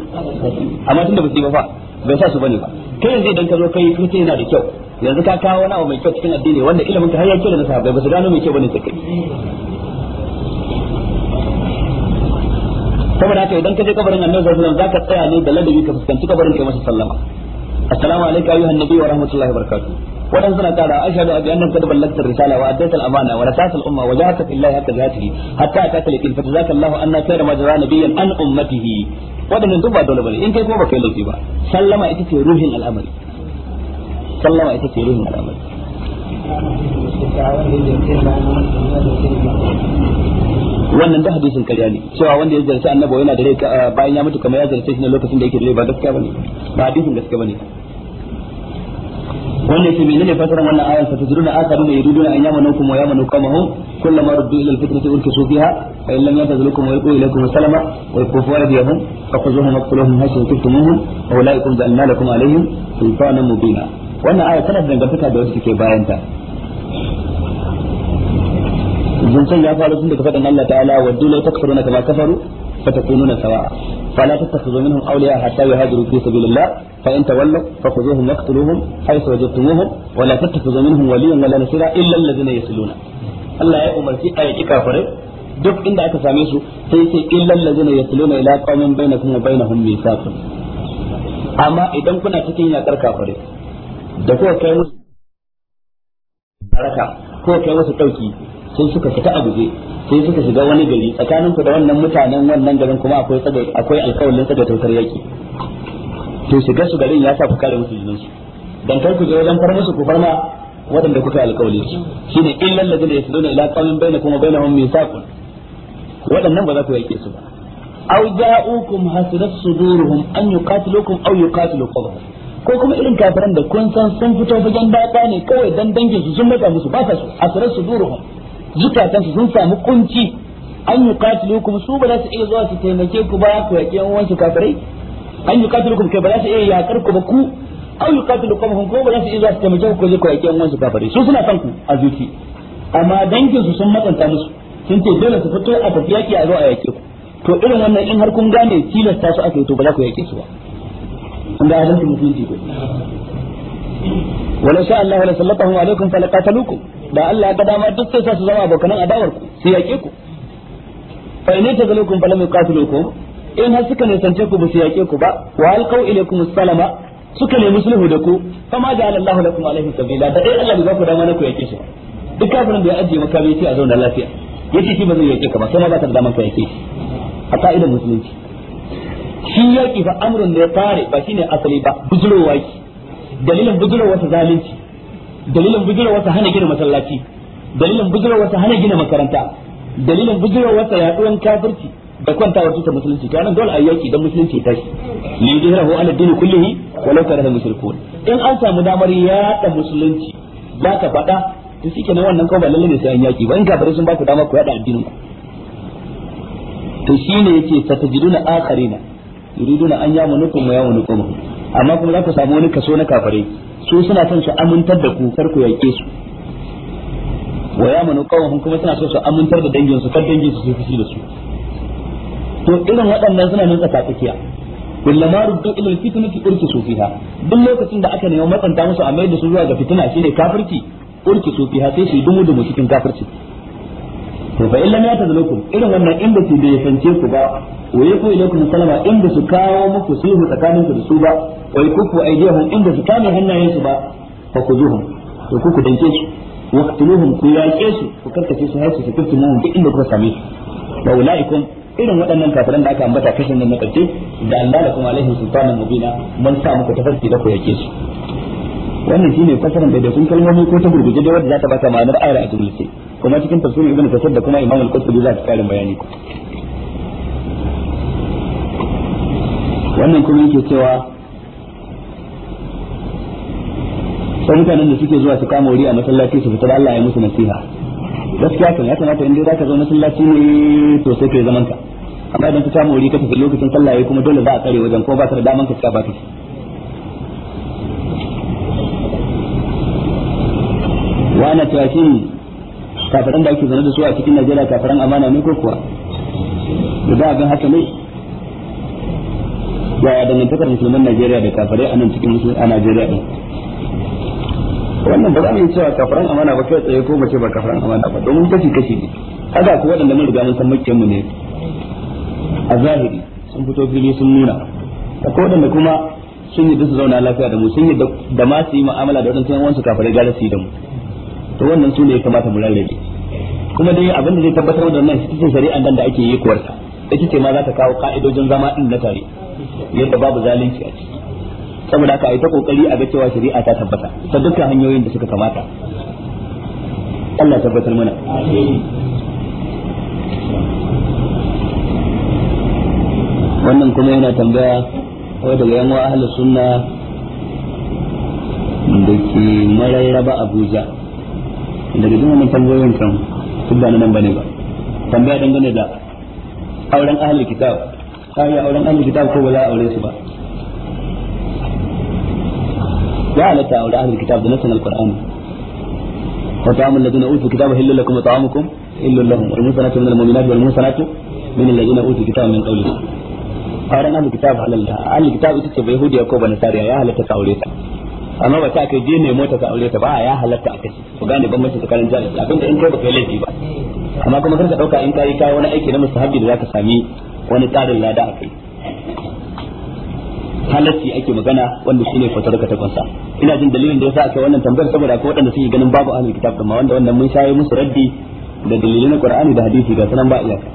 amma tunda ba su yi ba fa bai sa su bane ba kai yanzu idan ka zo kai ce yana da kyau yanzu ka kawo wani abu mai kyau cikin addini wanda ilimin ka har ya kyau da sahabbai ba su gano mai kyau bane ta kai saboda haka idan ka je kabarin annabi sallallahu alaihi zaka tsaya ne da ladabi ka fuskanci kabarin kai masa sallama assalamu alayka ayyuhan nabiy wa rahmatullahi wa barakatuh wadan suna kara ashhadu an annaka qad ballagta risala wa addaita al-amana wa nasata al-umma wa jahata billahi hakka jahatihi hatta ataka al-yaqin fa jazakallahu anna khayra ma jazaa nabiyyan an ummatihi wadannan duk ba dole bane in kai kuma baka yi laifi ba sallama ita ce ruhin al'amari sallama ita ce ruhin al'amari wannan da hadisin karya ne cewa wanda ya zarce annabawa yana da rai bayan ya mutu kamar ya zarce shi na lokacin da yake da rai ba gaskiya bane ba hadisin gaskiya bane wannan shi menene fasaran wannan ayan sa tajruna akaduna yuriduna an yamanu kum wa yamanu qamahum kullama ruddu ila alfitrati fitrati ulkisu fiha fa in lam yatazilukum wa yaqulu ilaykum salama wa yakufu aydihim wa qulhum hasu tuftumuhum wa ulaikum ja'alna lakum alaihim sultanan mubina wannan aya tana da dangantaka da wacce take bayanta zancen ya faru tun daga faɗin Allah ta'ala wa dole takfuruna kama kafaru فتكونون سواء فلا تتخذوا منهم أولياء حتى يهاجروا في سبيل الله فإن تولوا فخذوهم واقتلوهم حيث وجدتموهم ولا تتخذوا منهم وليا ولا نصيرا إلا na. يصلون الله يا أمر a أي كافر duk inda aka same su sai sai illal ladina yasluna ila kuma bainakum wa mai mithaqun amma idan kuna cikin yakar kafare da kuka kai musu baraka ko kai musu ɗauki. sai suka fita a guje sai suka shiga wani gari tsakanin ku da wannan mutanen wannan garin kuma akwai akwai alƙawarin tsaga tautar yaki to shiga su garin ya sa ku kare musu jinin su dan kai ku je wajen far musu ku far ma waɗanda kuka alƙawari su shine illal ladina yasluna ila qaumin bainakum wa bainahum mithaqun Wadannan ba za ku yake su ba aw ja'ukum hasirat suduruhum an yuqatilukum aw yuqatilu qawmahum ko kuma irin kafiran da kun san sun fito fagen data ne kawai dan dangin su sun matsa musu ba sa su hasirat suduruhum zukatansu sun samu kunci an yi katilukum su ba za su iya zuwa su taimake ku ba ku yaƙi yan uwansu kafirai an yi katilukum kai ba za su iya yaƙar ku ba ku an yi katilukum hun ko ba za su iya zuwa su taimake ku je ku yaƙi yan uwansu kafirai su suna son ku a zuci amma danginsu sun matsanta musu sun ce dole su fito a tafi yaƙi a zo a yaƙe ku to irin wannan in har kun gane tilasta su aka yi to ba za ku yaƙe su ba kun ga halin mutunci ko wala sha Allah la sallatahum alaikum falaqatalukum da Allah ya dama duk sai sa su zama abokanan adawar ku su yaƙe ku fa in tazalukum falam yuqatilukum in har suka nisance ku ba su yaƙe ku ba wa alqau ilaykum salama suka ne sulhu da ku fa ma ja'ala Allahu lakum alayhi sabila da dai Allah ba ku dama na ku yaƙe shi duk kafirin da ya ajiye makami sai a zauna lafiya yace shi ba zai yaƙe ka ba sai ma ba ta dama ka yaƙe shi a ka'idar musulunci shi yaƙi fa amrun da ya fare ba shine asali ba bujurowa ki dalilin bujurowa ta zalunci dalilin wasa hana gina masallaci dalilin wasa hana gina makaranta dalilin bujirawarsa yaduwan kafirci da wa tutar musulunci ta nan dole a yaki dan musulunci tashi li ko ala dini kullihi walau kana da mushrikun in an samu damar yada musulunci ba ka fada to shike ne wannan kawai lalle ne sai an yaki ba in kafirai sun ba ku dama ku yada addinin ku to shine yake fatajiduna akharina yuriduna an yamunu kum wa yamunu amma kuma za ku samu wani kaso na kafirai su suna son su amintar da ku kar ku yake su wa yamanu qawmun kuma suna son su amintar da dangin su kar dangin su su fushi da su to irin waɗannan suna nan tsaka tsakiya kullama ruddu ila alfitnati urkisu fiha duk lokacin da aka nemi matsanta musu a mai da su zuwa ga fitina shine kafirci urkisu fiha sai su dumu dumu cikin kafirci to fa illam yatazalukum irin wannan inda su bai fance ku ba waye ko ilaikum salama inda su kawo muku sulhu tsakanin ku da su ba wa yakufu aydihum inda su kame hannayen ba fa kuzuhum to ku ku danke su ku yaƙe su su har su kaftu mun duk inda kuka same su wa ulaikum irin waɗannan kafiran da aka ambata kashin nan na ƙarshe da Allah da kuma alaihi sultanan mun da ku su wannan shine fasaran da sun kalmomi ko ta gurguje da wanda ta baka ma'anar ayar a jumlace kuma cikin tafsirin ibnu kasir da kuma imam al-qurtubi za ta karin bayani wannan kuma yake cewa sai mutanen da suke zuwa su kama wuri a masallaci su fitar Allah ya musu nasiha gaskiya kan ya kamata in dai zaka zo masallaci ne to sai kai zaman ka amma idan ka kama wuri ka tafi lokacin sallah yayi kuma dole za a tsare wajen ko ba ka da daman ka tsaya ba kaci wa ana cewa shin kafaran da ake zaune da su a cikin Najeriya kafaran amana ne ko kuwa da ba ga haka ne yaya dangantakar musulman Najeriya da kafare a nan cikin musulman a Najeriya din wannan ba za mu yi cewa kafaran amana ba kai tsaye ko mace ba kafaran amana ba domin kashi kashi ne haka ku waɗanda mun riga mun san makiyan mu ne a zahiri sun fito fili sun nuna akwai waɗanda kuma sun yi su zauna lafiya da mu sun yi da ma su yi mu'amala da waɗansu yan wansu kafarai gara su yi da mu to wannan su ne ya kamata mu rarrabe kuma dai abin da zai tabbatar da wannan shi cikin shari'an nan da ake yi kuwarta ita ce ma za ta kawo ka'idojin zama din na tare yadda babu zalunci a ciki saboda haka ai ta kokari a ga cewa shari'a ta tabbata ta dukkan hanyoyin da suka kamata Allah tabbatar mana wannan kuma yana tambaya wadda daga yan wa ahlus sunna da ke mararraba Abuja daga jin wannan tambayoyin kan tun ba nan bane ba tambaya dangane da auren ahlul kitab yi auren ahlul kitab ko ba za a aure su ba ya halatta aure ahlul kitab da nasan alqur'ani wa ta'amul ladina utul kitaba halal lakum wa ta'amukum illal lahum wal musanatu minal mu'minati wal musanatu min alladina utul kitaba min qawlikum auren ahlul kitab halal da ahlul kitab ita ce bai hudiya ko banasariya ya halatta ka aure ta amma ba ta kai je ne mota ka aure ta ba ya halatta a kashi ku gane bambanci tsakanin jihar in kai ba amma kuma ka dauka in wani aiki na mustahabi da zaka sami wani tsarin lada halarci ake magana wanda ne fatar ka takwasa ina jin dalilin da yasa aka wannan tambayar saboda ko waɗanda suke ganin babu ahlul kitab kuma wanda wannan mun shaye musu raddi da dalilin Qur'ani da hadisi ga sanan ba iyaka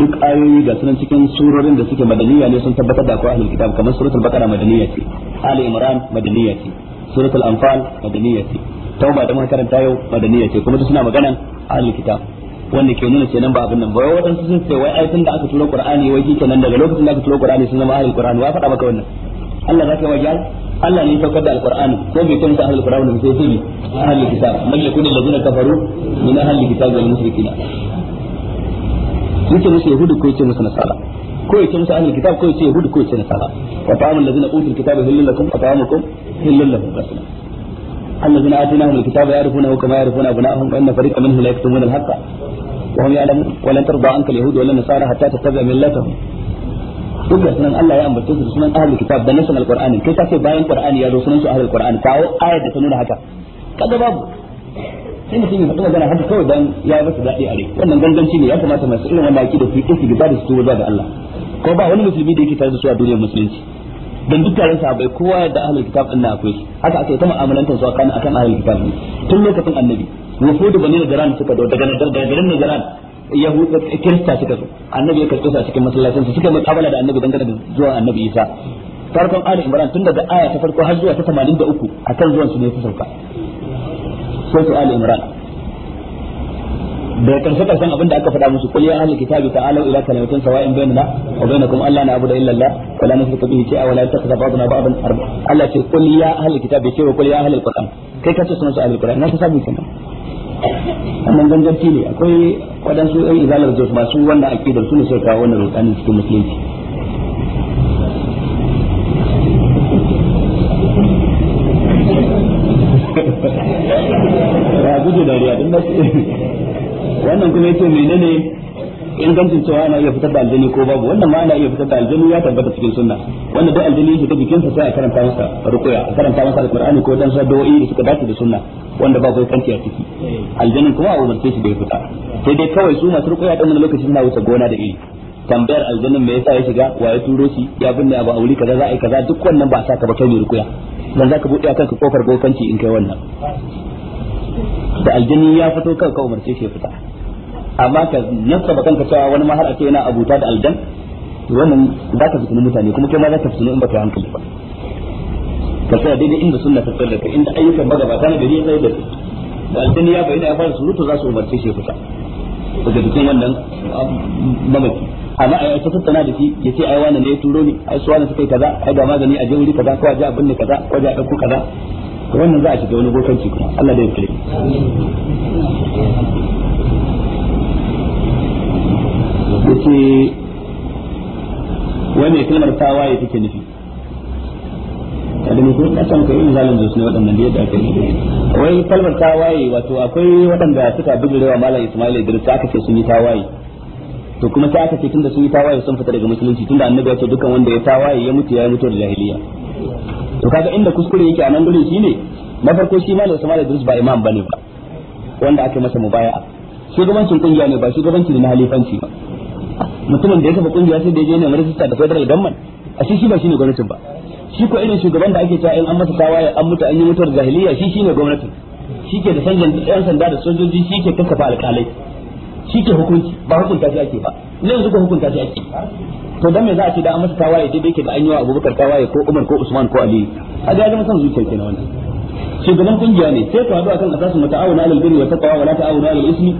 duk ayoyi ga sunan cikin surorin da suke madaniya ne sun tabbatar da akwai ahlul kitab kamar suratul baqara madaniya ce ali imran madaniya ce suratul anfal madaniya ce tauba da mun karanta yau madaniya ce kuma suna magana ahlul kitab wanda ke nuna kenan ba abin nan ba waɗansu sun ce wai ai da aka turo qur'ani wai kenan daga lokacin da aka turo qur'ani sun zama ahlul qur'ani wa faɗa maka wannan Allah zaka yi wajal Allah ne saukar da alqur'ani ko bai kanta ahlul qur'ani ba sai sai ahlul kitab man yakunu allazina kafaru min ahlul kitab wal mushrikina yake musu yahudu ko yace musu nasara ko yace musu ahlul kitab ko yace yahudu ko yace nasara wa ta'amul ladina utul kitaba hillal lakum wa ta'amukum hillal lahum الذين آتيناهم الكتاب يعرفونه كما يعرفون أبناءهم وإن فريقا منهم لا يكتمون الحق وهم يعلمون ولن ترضى عنك اليهود ولا النصارى حتى تتبع ملتهم dukkan sunan Allah ya ambace su sunan ahlul kitab da nasan alqur'ani kai ka ce bayan qur'ani ya zo sunan su ahlul qur'ani kawo ayat da ta nuna haka kaga babu sai mutum ya a gana haka kawai dan ya masa daɗi a rai wannan ganganci ne ya kamata masu irin wannan aki da su yi su gida da su tuba ga Allah ko ba wani musulmi da yake tare da su a duniyar musulunci dan duk sa bai kowa da ahlul kitab din na akwai shi haka aka yi ta mu'amalantar su akan akan ahlul kitab ne tun lokacin annabi wufudu bani najran suka zo daga daga garin najran yahudu kirista suka zo annabi ya karɓe su a cikin masallacin su suka mutabala da annabi dangane da zuwa annabi isa farkon ali imran tun daga aya ta farko har zuwa ta 83 akan zuwan su ne ta sauka sai su ali imran da karshe san abin da aka faɗa musu qul ya ahlul kitabi ta'alu ila kalimatin sawa'in bainana wa bainakum alla na'budu illa Allah wa la nushriku bihi shay'a wa la yattakhidha ba'duna ba'dan arba Allah ce qul ya ahlul kitabi ce wa qul ya ahlul qur'an kai ka ce sunan su ahlul qur'an na ka samu kenan wannan ganganci ne akwai wadansu ɗan izalar jos masu wannan akidar su ne sai kawo wannan rukani cikin musulunci ba [LAUGHS] gudu dariya don na kuma yace menene ingancin cewa ana iya fitar da aljani ko babu wannan ma ana iya fitar da aljani ya tabbata cikin sunna wanda duk aljani yake ta jikinsa sai a karanta masa ruqya a karanta masa alqur'ani ko dan sado'i da suka dace da sunna wanda babu kanti a ciki aljanin kuma a umarce shi da ya fita sai dai kawai su masu ruqya dan wani lokacin na wuce gona da iri tambayar aljanin me yasa ya shiga wa ya turo shi ya binne abu wuri kaza za a yi kaza duk wannan ba sa ka ba kai ne ruqya dan zaka bude kanka kofar gokanci in kai wannan da aljini ya fito kanka umarce shi ya fita amma ka ba kanka cewa wani ma har a ce yana abuta da aljan wannan za ka fitini mutane kuma kai ma za ka fitini in ba baka hankali ba ka tsaya daidai inda sunna ta tsare ka inda ayyukan ba magabata na gari ya tsaya da su da aljani ya bayyana ya fara surutu za su umarci shi fita daga cikin wannan um, mamaki amma a ta tattauna da shi ya ce ai wannan ne ya turo ni ai su wannan suka yi kaza ai ga magani a je wuri kaza ko a je a binne kaza ko a je a dauko kaza wannan za a shiga wani bokanci kuma Allah da ya kare yace wai mai kalmar tawaye take nufi kadan ko kasan ko irin zalim ne waɗannan da yadda aka yi wai kalmar tawaye wato akwai waɗanda suka bijirewa malam Ismail Idris aka ce sun yi tawaye to kuma ta aka ce tunda sun yi tawaye sun fita daga musulunci tunda annabi ya ce dukkan wanda ya tawaye ya mutu ya mutu da jahiliya to kaga inda kuskure yake a nan gurin shine na farko shi malam da Idris ba imam bane ba wanda aka masa mubaya'a shugabancin kungiya ne ba shugabanci ne na halifanci ba mutumin da ya kafa kungiya sai da ya je ne marista da federal government a shi shi ba shine gwamnatin ba shi ko irin shugaban da ake cewa in an masa tawaye an mutu an yi mutuwar jahiliya shi shine gwamnatin shi ke da sanjan yan sanda da sojoji shi ke kakkafa alƙalai shi ke hukunci ba hukunta shi ake ba ne yanzu ko hukunta shi ake to dan me za a ce da an masa tawaye dai yake da an yi wa Abubakar tawaye ko Umar ko Usman ko Ali a ga ya zama son zuciya kenan wannan shugaban kungiya ne sai ku haɗu akan asasin mata ta'awuna alal birri wa taqwa wa ta ta'awuna alal ismi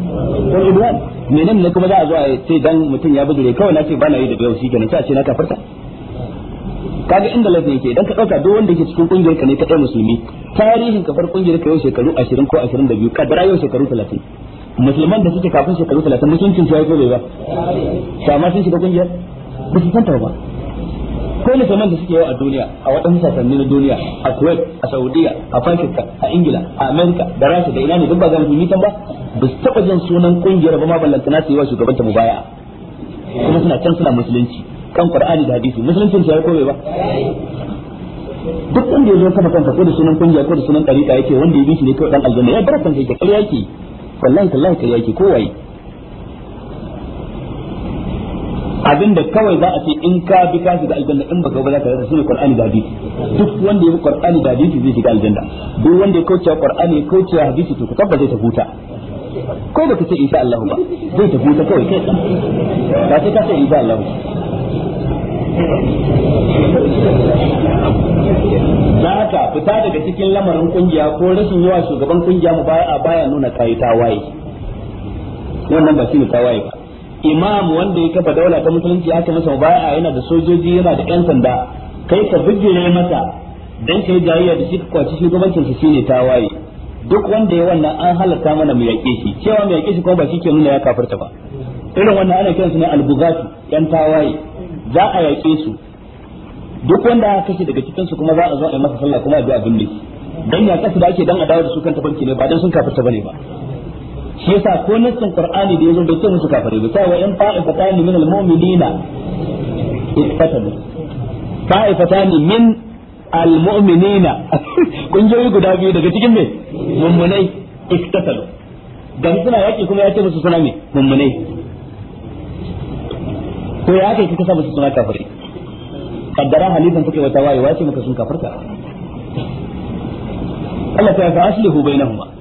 wal udwan menene ne kuma za a zo a ce dan mutum ya bijire kawai na ce ba na yi da yau shi kenan sai a ce na kafarta kaga inda laifin yake idan ka dauka duk wanda yake cikin kungiyar ka ne ɗaya musulmi tarihin kafar kungiyar ka yau shekaru 20 ko 22 kadara yau shekaru 30 musulman da suke kafin shekaru 30 musuncin su ya ko bai ba to amma sun shiga kungiyar ba su san ba akwai musulman da suke yau a duniya a waɗansu sasanni na duniya a Kuwait a Saudiya a Pakistan a Ingila a Amerika da Rasha da ina ne duk ba za mu kan ba ba su taɓa jin sunan ƙungiyar ba ma ballanta na su yi wa shugabanta mu baya kuma suna can suna musulunci kan Qur'ani da hadisi musulunci ta ko ba duk wanda ya zo kafa kanta ko da sunan ƙungiya ko da sunan ɗariƙa yake wanda ya bi shi ne kawai ɗan aljanna ya bar kanka yake ƙarya yake wallahi tallahi ƙarya yake kowaye da kawai za a ce in ka bi ka shiga aljanna in baka ba za ka rasa shine qur'ani da hadisi duk wanda ya bi qur'ani da hadisi zai shiga aljanna duk wanda ya kauce qur'ani ya kauce hadisi to ka tabbata ta huta ko baka ce insha Allah ba zai ta huta kawai kai ba sai ka ce insha Allah da haka fita daga cikin lamarin kungiya ko rashin yawa shugaban kungiya mu baya baya nuna kayi tawaye wannan ba shi ne tawaye ba imam wanda ya kafa daula ta musulunci ya masa mubaya'a yana da sojoji yana da yan sanda kai ka bijire mata dan kai jayayya da shi ka kwaci shugabancin shi shine tawaye duk wanda ya wannan an halatta mana mu yaƙe shi cewa mu yaƙe shi kuma ba shi ke nuna ya kafirta ba irin wannan ana kiransu ne albugati yan tawaye za a yaƙe su duk wanda aka kashe daga cikin su kuma za a zo a yi masa sallah kuma a bi abin da dan ya kasu da ake dan a dawo da su kan banki ne ba dan sun kafirta bane ba shi yasa ko nassin qur'ani da yazo bai ce musu kafare ba sai wa in fatani min almu'minina fa'i fatani min almu'minina [LAUGHS] kungiyoyi guda biyu daga cikin me mummunai ittatabu dan suna yaki kuma ya ce musu suna me mummunai ko ya kai kika sa musu suna kafare kaddara halifan take wata wayewa wace muka sun kafarta Allah ta fa aslihu bainahuma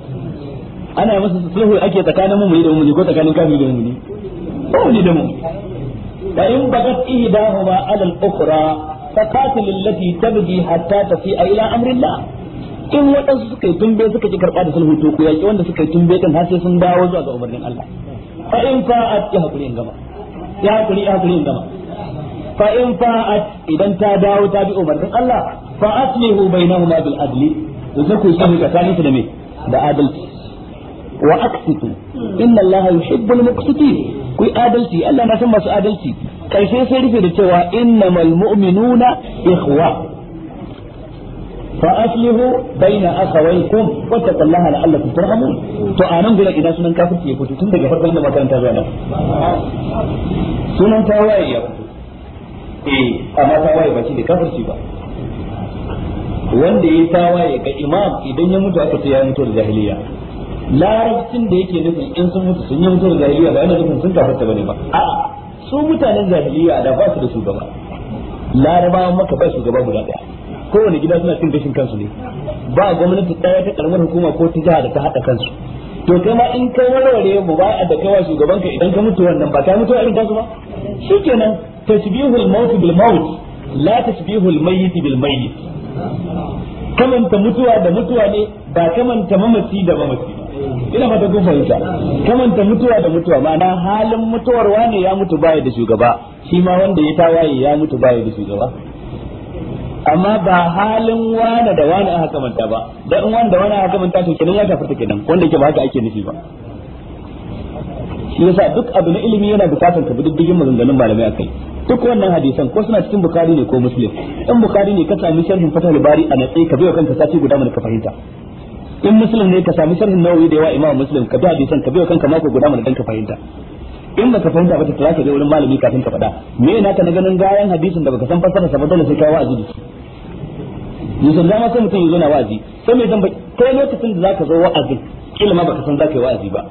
ana yi masa sulhu ake tsakanin mu da mu ko tsakanin kafiri da mu ne ko ne da mu da in bagat ihdahuma ala al-ukhra faqatil allati tabghi hatta tafi'a ila amrillah in waɗansu suka yi tumbe suka ji karɓa da sulhu to ku yaƙi wanda suka yi tumbe kan har sai sun dawo zuwa ga umarnin Allah fa in fa'at ya hakuri in gama ya hakuri ya hakuri in gama fa in fa'at idan ta dawo ta bi umarnin Allah fa aslihu bainahuma bil adli to sai ku yi sulhu tsakanin su da me da adalci wa aqsitu inna allaha yuhibbul muqsitin ku adalci Allah na san masu adalci karshe sai rufe da cewa innamal mu'minuna ikhwa fa aslihu baina akhawaykum wattaqullaha la'allakum turhamun to anan gura idan sunan kafirci ya tun daga farkon da makaranta zuwa nan sunan tawaye ya eh amma tawaye ba shi da kafirci ba wanda ya tawaye ga imam idan ya mutu aka ce ya mutu da jahiliya larabcin da yake nufin in sun mutu sun yi mutuwar jahiliya ba yana nufin sun kafarta bane ba a su mutanen jahiliya da ba su da shugaba larabawan maka ba shugaba guda daya kowane gida suna cin gashin kansu ne ba gwamnati daya ta karamar hukuma ko ta jiha da ta haɗa kansu to kai ma in kai warware mu ba a da kawai shugaban ka idan ka mutu wannan ba ka mutu irin kansu ba shikenan tashbihul maut bil maut la tashbihul mayyit bil mayyit kamanta mutuwa da mutuwa ne ba kamanta mamaci da mamaci ina fata kun fahimta kamanta mutuwa da mutuwa ma'ana halin mutuwar wane ya mutu baya da shugaba shi ma wanda ya tawaye ya mutu baya da shugaba amma ba halin wane da wane aka kamanta ba da in wanda da wane aka kamanta to kenan ya shafi ta kenan wanda yake ba haka ake nufi ba shi yasa duk abu na ilimi yana bukatar ka bi diddigin maganganun malamai akai duk wannan hadisan ko suna cikin bukari ne ko muslim in bukari ne ka sami sharhin fatahul bari a natsi ka bai kanka sati guda mana ka fahimta in muslim ne ka sami sharhin nawawi da yawa imam muslim ka bi hadisan ka bi kanka mako guda mana dan ka fahimta in baka fahimta ba ta tsaya ka je wurin malami kafin ka faɗa me yana ka na ganin gayan hadisin da baka san fassara sa ba dole sai ka wa'azi da shi musan zama sai mutum yazo na wa'azi sai mai zamba kai lokacin da zaka zo wa'azi kila ma baka san zaka yi wa'azi ba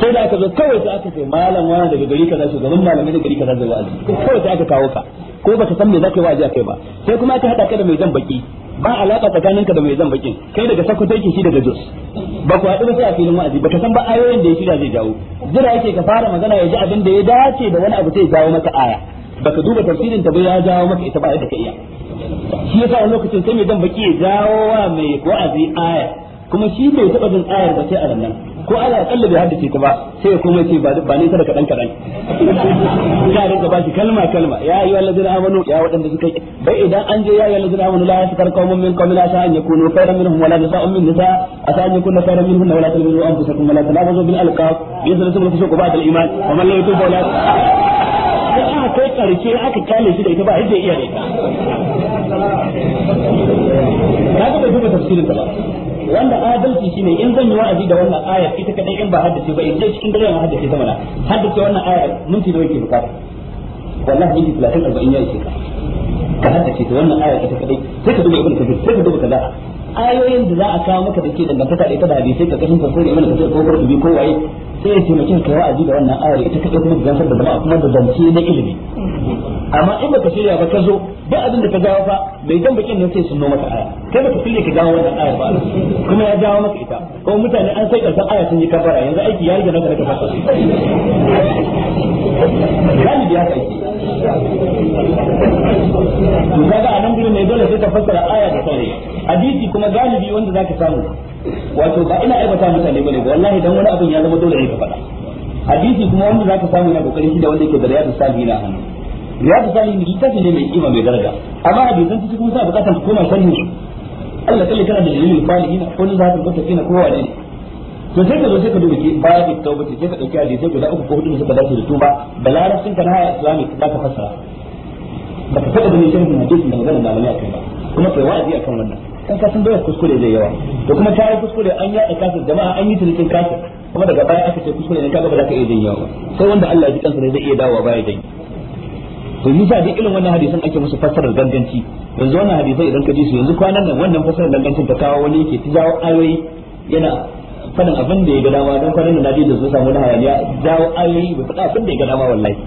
sai da aka zo kawai sai aka ce malam wani daga gari kaza shugaban malamai daga gari kaza zai wa'azi kawai sai aka kawo ka ko baka san me zaka yi wa'azi akai ba sai kuma aka hada ka da mai jan baki ba alaka tsakaninka da mai zan kai daga sakkwato yake shi daga jos ba ku haɗu sai a filin wa'azi ba ka san ba ayoyin da ya shirya zai jawo jira yake ka fara magana ya ji abin da ya dace da wani abu sai jawo maka aya baka duba tafsirin ta ba ya jawo maka ita ba yadda ka iya shi yasa wani lokacin sai mai zan baki ya jawo wa mai wa'azi aya kuma shi bai taɓa jin ayar ba sai a nan ko ala akalla bai haddace ta ba sai ya koma ce ba ne sadaka dan kadan ya [LAUGHS] rinka ba shi kalma kalma ya ayyuhal ladzina amanu ya wadanda suka bai idan an je ya ayyuhal ladzina amanu la yasfar qaumun min qaumin asa an yakunu khayran minhum wala nisa'un min nisa asa an yakunu khayran minhum wala talmizu anfusakum wala tanabazu bil alqab yuzlatum al-fusuq ba'da al-iman wa man la yatubu wala ya aka kai karke aka kyale shi da ita ba yadda iya da ita ka ga bai duba tafsirin ta ba wanda adalci shine in zan yi wa'azi da wannan aya ita kadai in ba haddace ba in dai cikin dare ma haddace ta mana haddace wannan aya minti da yake bukata wallahi minti 30 40 ya ishe ka ka haddace ta wannan aya ita kadai sai ka duba ibnu kabir sai ka duba kaza ayoyin da za a kawo maka da ke dangantaka da ita da hadisi ka kashin tafsir ibnu kabir ko bi ko waye sai ya mutum ka wa'azi da wannan aya ita kadai kuma da zantar da jama'a kuma da zance na ilimi amma in baka shirya ba ka zo duk abin da ka jawo fa mai dan bakin nan sai sun sunno maka aya kai baka shirya ka jawo wannan aya ba kuma ya jawo maka ita ko mutane an sai karshen aya sun yi kafara yanzu aiki ya riga naka da kafa kan biya kai to kaga anan gurin ne dole sai ka fassara aya da kai hadisi kuma galibi wanda zaka samu wato ba ina aibata mutane bane ba wallahi dan wani abin ya zama dole ne ka faɗa hadisi kuma wanda zaka samu na kokarin shi da wanda yake da riyadu salihina hannu ya ta sali ne littafi ne mai kima mai daraja amma hadisan su kuma sa bukatar ku koma sharhin su Allah kalle kana da dalilin salihina ko na zaka ko tafina ko wane ne to sai ka zo sai ka duba ba da tauba sai ka dauki hadisi guda uku ko hudu suka dace da tuba da larabcin ka na islami za ka fassara ba ka saba ganin sharhin hadisin da magana malamai akai ba kuma kai wa'azi akan wannan kan ka san bayar kuskure zai yawa to kuma ta yi kuskure an yaɗa kasir jama'a an yi tunikin kasir kuma daga baya aka ce kuskure ne kaga ba za ka iya janyawa sai wanda Allah ya ji kansa ne zai iya dawowa baya janyi to yi sa irin wannan hadisan ake musu fassarar ganganci yanzu wannan hadisai idan ka ji su yanzu kwanan nan wannan fassarar gangancin ta kawo wani yake jawo ayoyi yana fadin abin da ya ga dama don kwanan nan na da su samu na hayaniya jawo ayoyi ba faɗa abin da ya ga dama wallahi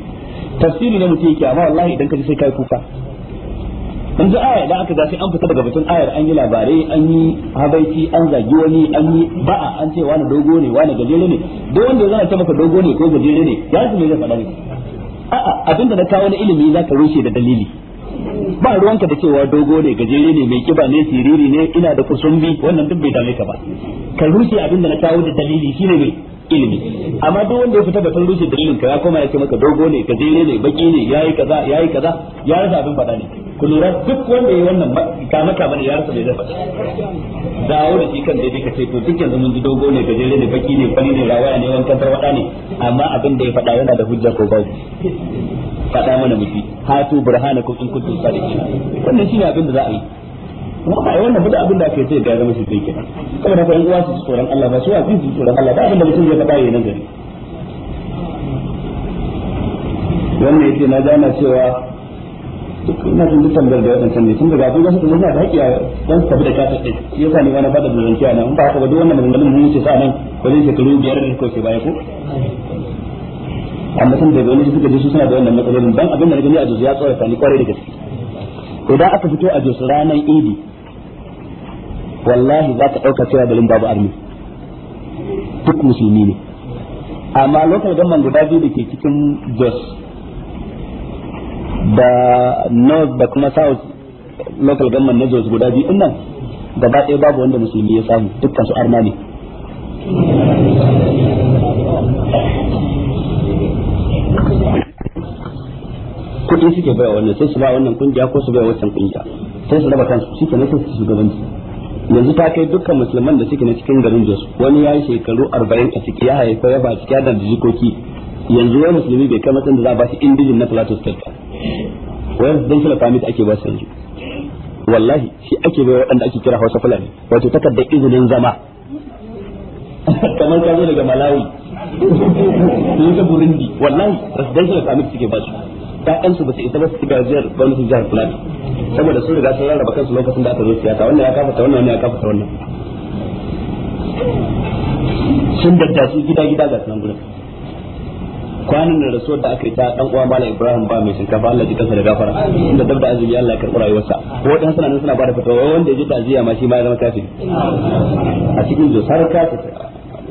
tafsiri na mutum yake amma wallahi idan ka ji sai kai kuka yanzu aya idan aka ga sai an fita daga batun ayar an yi labarai an yi habaiti an zagi wani an yi ba'a an ce wani dogo ne wani gajere ne duk wanda zai ce maka dogo ne ko gajere ne ya su ne zai faɗa ne a'a abinda na kawo na ilimi za ka rushe da dalili ba ruwanka da cewa dogo ne gajere ne mai kiba ne siriri ne ina da kusumbi wannan duk bai dame ka ba ka rushe abinda na kawo da dalili shine mai ilimi amma duk wanda ya fita batun rushe dalilin ka ya koma ya ce maka dogo ne ka jere ne baki ne yayi kaza yayi kaza ya rasa abin faɗa ne ku lura duk wanda yayi wannan kama kama bane ya rasa bai zai faɗa dawo da shi kan daidai ka ce to duk yanzu mun ji dogo ne ka jere ne baki ne fani ne rawaya ne wankan tarwada ne amma abin da ya faɗa yana da hujja ko babu faɗa mana miki hatu burhanakum in kuntum sadiqin wannan shine abin da za a yi kuma a wannan bada abin da aka ce ya zama shi sai kenan saboda haka yan uwa su tsoron Allah ba su wa su tsoron Allah ba abin da mutum ya faɗa yayin nan gari wannan yace na gana cewa ina jin dukkan da wadancan ne sun daga abin wasu kuma da haƙi a dan tabi da kata ɗin shi yasa ni wani bada da zanci a nan ba haka ba duk wannan maganganun mun ce sa nan wajen shekaru biyar da suka wuce baya ko amma sun daga wani suka ji su suna da wannan matsalolin dan abin da na gani a juzu ya tsorata ni kwarai da gaske da aka fito a juzu ranar idi wallahi za ka ɗauka cewa garin babu armi duk musulmi ne amma lokacin gamman guda biyu da ke cikin jos da north da kuma south local gamman na jos guda biyu nan gaba ɗaya babu wanda musulmi ya samu dukkan su arma ne kuɗi suke baiwa wannan sai su ba wannan kungiya ko su baiwa wancan kungiya sai su raba kansu shi ke nufin su shugabanci yanzu ta kai dukkan musulman da suke na cikin garin Jos wani ya yi shekaru arba'in a ciki ya haifa ya ba ciki ya da jikoki yanzu wani musulmi bai kai matsayin da za a ba shi indijin na Plateau State ba wai dan shi permit ake ba su yanzu wallahi shi ake bai waɗanda ake kira Hausa Fulani wato takardar izinin zama [LAUGHS] kamar ka zo daga Malawi [LAUGHS] sun ta Burundi wallahi residential permit suke ba su ƴaƴan ba su isa ba su ci gajiyar gwamnatin jihar fulani saboda sun riga sun rarraba kansu lokacin da aka zo siyasa wannan ya kafata wannan wannan ya kafata wannan sun dadda su gida gida ga sunan gurin kwanan da rasuwar da aka yi ta dan uwa mala ibrahim ba mai shinkafa Allah ji kansa da gafara inda dabda azumi Allah ya karɓi rayuwarsa ko dan suna nan suna bada fatawa wanda ya ji taziya ma shi ma ya zama kafiri a cikin dosar kafa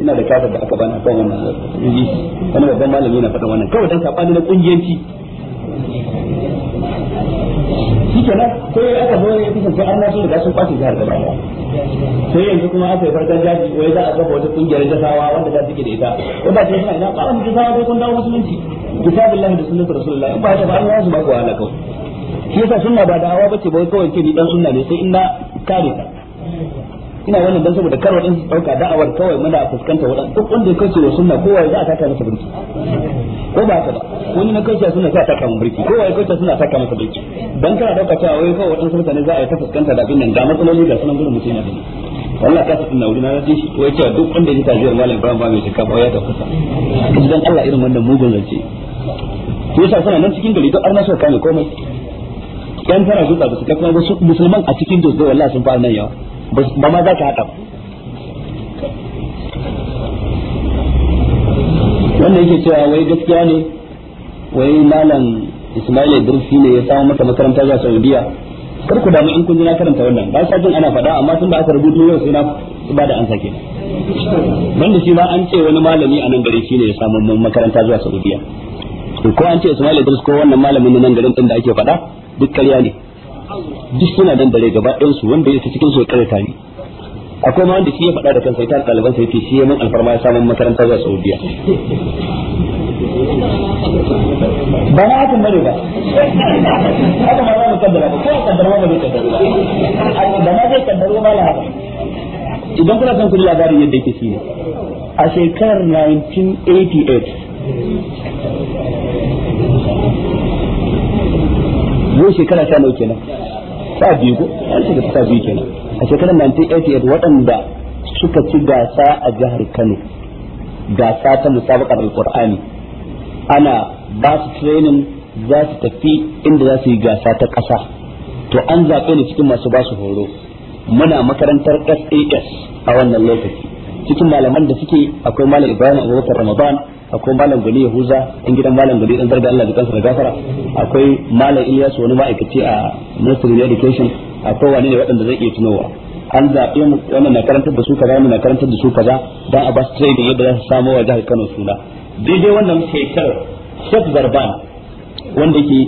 ina da kafa da aka bani akan wannan wannan babban malami na faɗa wannan kawai dan sabani na kungiyanci shi kenan sai aka zo ya kasance an nasu da sun kwace jihar gaba sai yanzu kuma aka yi farkon jaji wai za a kafa wata kungiyar jasawa wanda za su ke da ita wanda ta yi suna ina ba mu jasawa sai kun dawo musulunci kitabullahi da sunnatu rasulullahi ba ta ba Allah su ba ku halaka shi yasa sunna ba da'awa bace ba kawai ke ni dan sunna ne sai inna kare ta ina wannan dan saboda kar wadansu su dauka da'awar kawai muna fuskanta wadan duk wanda ya kace wa sunna kowa za a taka masa birki ko ba ta ba wani na kace sunna sai a taka masa birki kowa ya kace sunna taka masa birki dan kana dauka cewa wai kawai wadansu mutane za a yi ta fuskanta da abin nan ga matsaloli ga sunan gurin mutane ne wallahi ka tsinna wuri na ji ko cewa duk wanda ya tafi malam Ibrahim ba mai shakka ba ya ta kusa idan Allah irin wannan mugun zance yasa suna nan cikin gari duk arna suka ne komai yan fara zuwa da su kafin musulman a cikin jos wallahi sun fara nan yawa ba ma za ka haɗa wanda yake cewa wai gaskiya ne wai malam Ismail Idris ne ya samu mata makaranta zuwa Saudiya kar ku damu in kun ji na karanta wannan ba sa jin ana faɗa amma tun da aka rubuto yau sai na ba da an sake banda shi ma an ce wani malami a nan gari ne ya samu makaranta zuwa Saudiya ko an ce Ismail Idris ko wannan malamin nan garin din da ake faɗa duk ƙarya ne duk suna nan dare gaba ɗayan su wanda yake cikin su ya tani akwai ma wanda shi ya faɗa da kansa ita ɗaliban sai shi ya min alfarma ya samu makarantar zuwa Saudiya ba na hakan bane ba haka ma za mu kaddara ba ko kaddara ma ba zai kaddara ba ma zai kaddara ba la haka idan kuna son kudi labarin yadda yake shi ne a shekarar 1988 yau shekara sha nau kenan sa biyu ko an shiga sa biyu kenan a shekarar 1988 waɗanda suka ci gasa a jihar Kano gasa ta musabaqar alqur'ani ana ba su training za su tafi inda za su yi gasa ta ƙasa to an zaɓe ne cikin masu ba su horo muna makarantar SAS a wannan lokaci cikin malaman da suke akwai malam Ibrahim Abubakar Ramadan akwai malam gani yahuza in gidan malam gani dan zarga Allah da kansa da gafara akwai malam Ilyas wani ma'aikaci a Ministry of Education akwai wani ne waɗanda zai iya tunowa an zaɓe mu wannan na karantar da su kaza wannan na karantar da su kaza dan a ba su da yadda za su samu wa jihar Kano suna daidai wannan shekar Sheikh Zarban wanda yake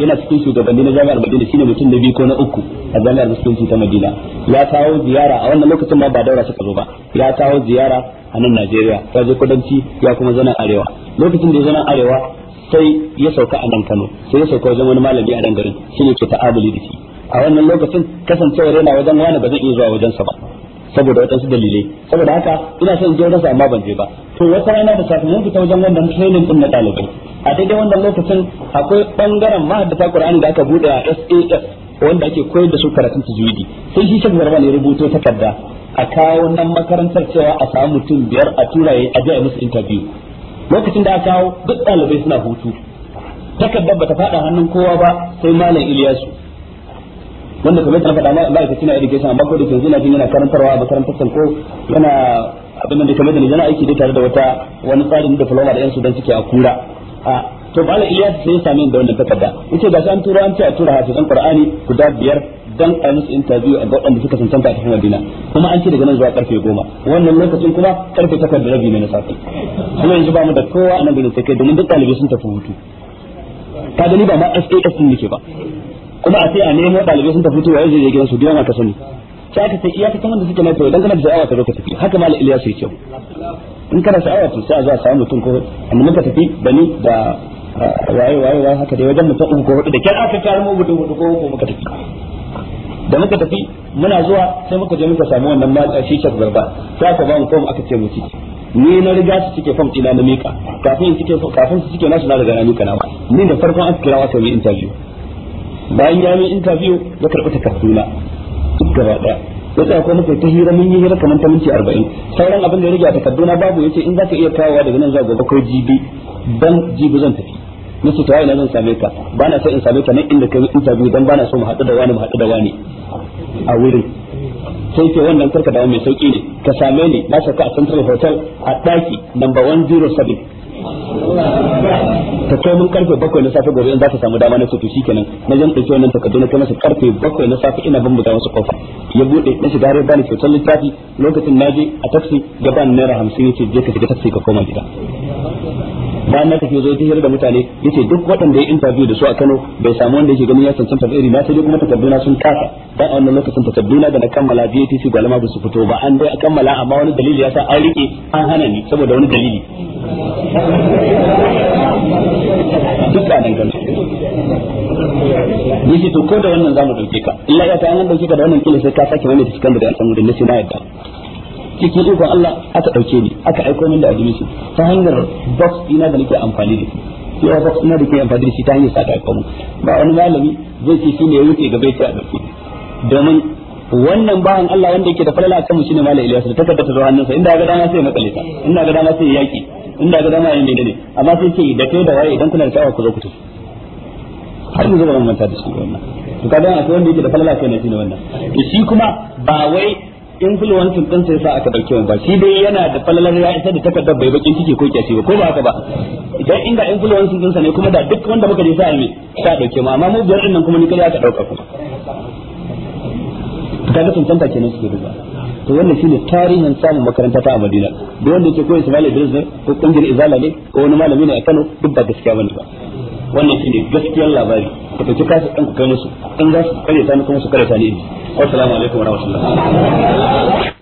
yana cikin shugabanni na jami'ar Madina shine mutum na biyu ko na uku a jami'ar Musulunci ta Madina ya kawo ziyara a wannan lokacin ma ba daura suka zo ba ya kawo ziyara a nan Najeriya ya je kudanci ya kuma zana arewa lokacin da ya zana arewa sai ya sauka a nan Kano sai ya sauka wajen wani malami a dangare garin shine ke ta'amuli da shi a wannan lokacin kasancewar yana wajen wani ba zai iya zuwa wajen sa ba saboda waɗansu dalilai saboda haka ina son je rasa amma ban je ba to wata rana da safe mun fita wajen wannan training din na ɗalibai a daidai wannan lokacin akwai bangaren mahaddata Qur'ani da aka bude a SAS wanda ake koyar da su karatun tajwidi sai shi shi zarba ne rubuto takarda a kawo nan makarantar cewa a samu mutum biyar a tura a jiya musu interview lokacin da aka kawo duk ɗalibai suna hutu takardar bata faɗa hannun kowa ba sai malam Iliyasu wanda kamar ta faɗa ma'aikaci na education amma ko da yanzu na jin yana karantarwa a makarantar ko yana abin da kamar da yana aiki da tare da wata wani tsarin diploma da yan dan suke a kura a to malam Iliyasu sai ya same da wannan takarda yace ga an tura an ce a tura hafizan Qur'ani guda biyar dan a musu interview a waɗanda suka tantanta a cikin Madina kuma an ce daga nan zuwa karfe 10 wannan lokacin kuma karfe 8 da rabi ne na safe kuma yanzu ba mu da kowa a nan gurin sai kai domin duk ɗalibai sun tafi hutu ka gani ba ma SAS ne ke ba kuma a sai a nemo ɗalibai sun tafi hutu waye zai je gidan su biyan ka sani sai aka sai iyaka ta wanda suke na to idan kana da sha'awa ka zo ka tafi haka malam Ilyas yake in kana sha'awa to sai a zo a samu mutum ko amma ka tafi bani da ah, waye waye waye haka dai wajen mutum ko hudu da kyar aka kyar mu mutum hudu ko muka tafi da muka tafi muna zuwa sai muka je muka samu wannan shi shek zarba sai aka ba mu fom aka ce mu ci ni na riga su cike fom ina na mika kafin in cike kafin su cike nasu na riga na mika na ni da farkon aka kira wa yi interview bayan ya yi interview ya karɓi takarduna duk gaba daya ya tsaya ko muka ta hira mun yi hira kamar ta minti 40 sauran abin da ya rage a na babu yace in zaka iya kawowa daga nan zuwa gobe ko jibi dan jibi zan tafi nace to ina zan same ka ba na so in same ka nan inda kai interview dan ba na so mu haɗu da wani mu haɗu da wani a wurin sai ke wannan karka da mai sauki ne ka same ni na saka a central hotel a daki number 107 ta kai mun karfe bakwai na safe gobe in za ta samu dama na tafi shikenan na jan ɗauki wannan takardu na kai masa karfe bakwai na safe ina bambuta wasu kofa ya bude na shiga har bani kyautar littafi lokacin na je a taksi gaban ban naira ya yace je ka shiga taxi ka koma gida bayan na tafi zo ta hira da mutane yace duk waɗanda ya interview da su a Kano bai samu wanda yake ganin ya cancanta ba iri na sai kuma takarduna sun kasa dan a wannan lokacin takarduna da na kammala BTC galama ba su fito ba an dai kammala amma wani dalili ya sa an rike an hana ni saboda wani dalili duk a nan yace to ko da wannan zamu dauke ka illa ya ta an dauke ka da wannan kila sai ka sake wani cikin da an samu da nasi na yadda cikin ikon Allah aka dauke ni aka aiko min da su ta hanyar box ina da nake amfani da shi ya box ina da ke amfani da shi ta hanyar sa ta mu ba wani malami zai ce shi ne ya wuce gaba ya ce a dauke domin wannan bayan Allah wanda yake da falala kan mu ne malam Ilyas da takarda ta zo hannunsa inda ga dama sai makale ta inda ga dama sai yaki inda ga dama yayin da ne amma sai ce da kai da waye idan kuna da sha'awa ku zo ku tafi har yanzu ba manta da shi wannan to kaga akwai wanda yake da falala kai ne ne wannan shi kuma ba wai influencing din sai sa aka dauke mun ba shi dai yana da falalar ya isa da takardar bai bakin ciki ko kyashi ba ko ba haka ba idan inda influencing din sa ne kuma da duk wanda muka je sa ne sa dauke mu amma mu biyar din nan kuma ni kai aka dauka kuma kaga tantanta kenan su duba to wannan shine tarihin samun makaranta ta Madina duk wanda yake koyi Ismail Idris ne ko kungiyar Izala ne ko wani malami ne a Kano duk ba gaskiya bane ba wannan shine gaskiyar labari ku tafi kasu ɗan ku kai musu in za su kare ta ni kuma su kare ta ni assalamu alaikum wa rahmatullahi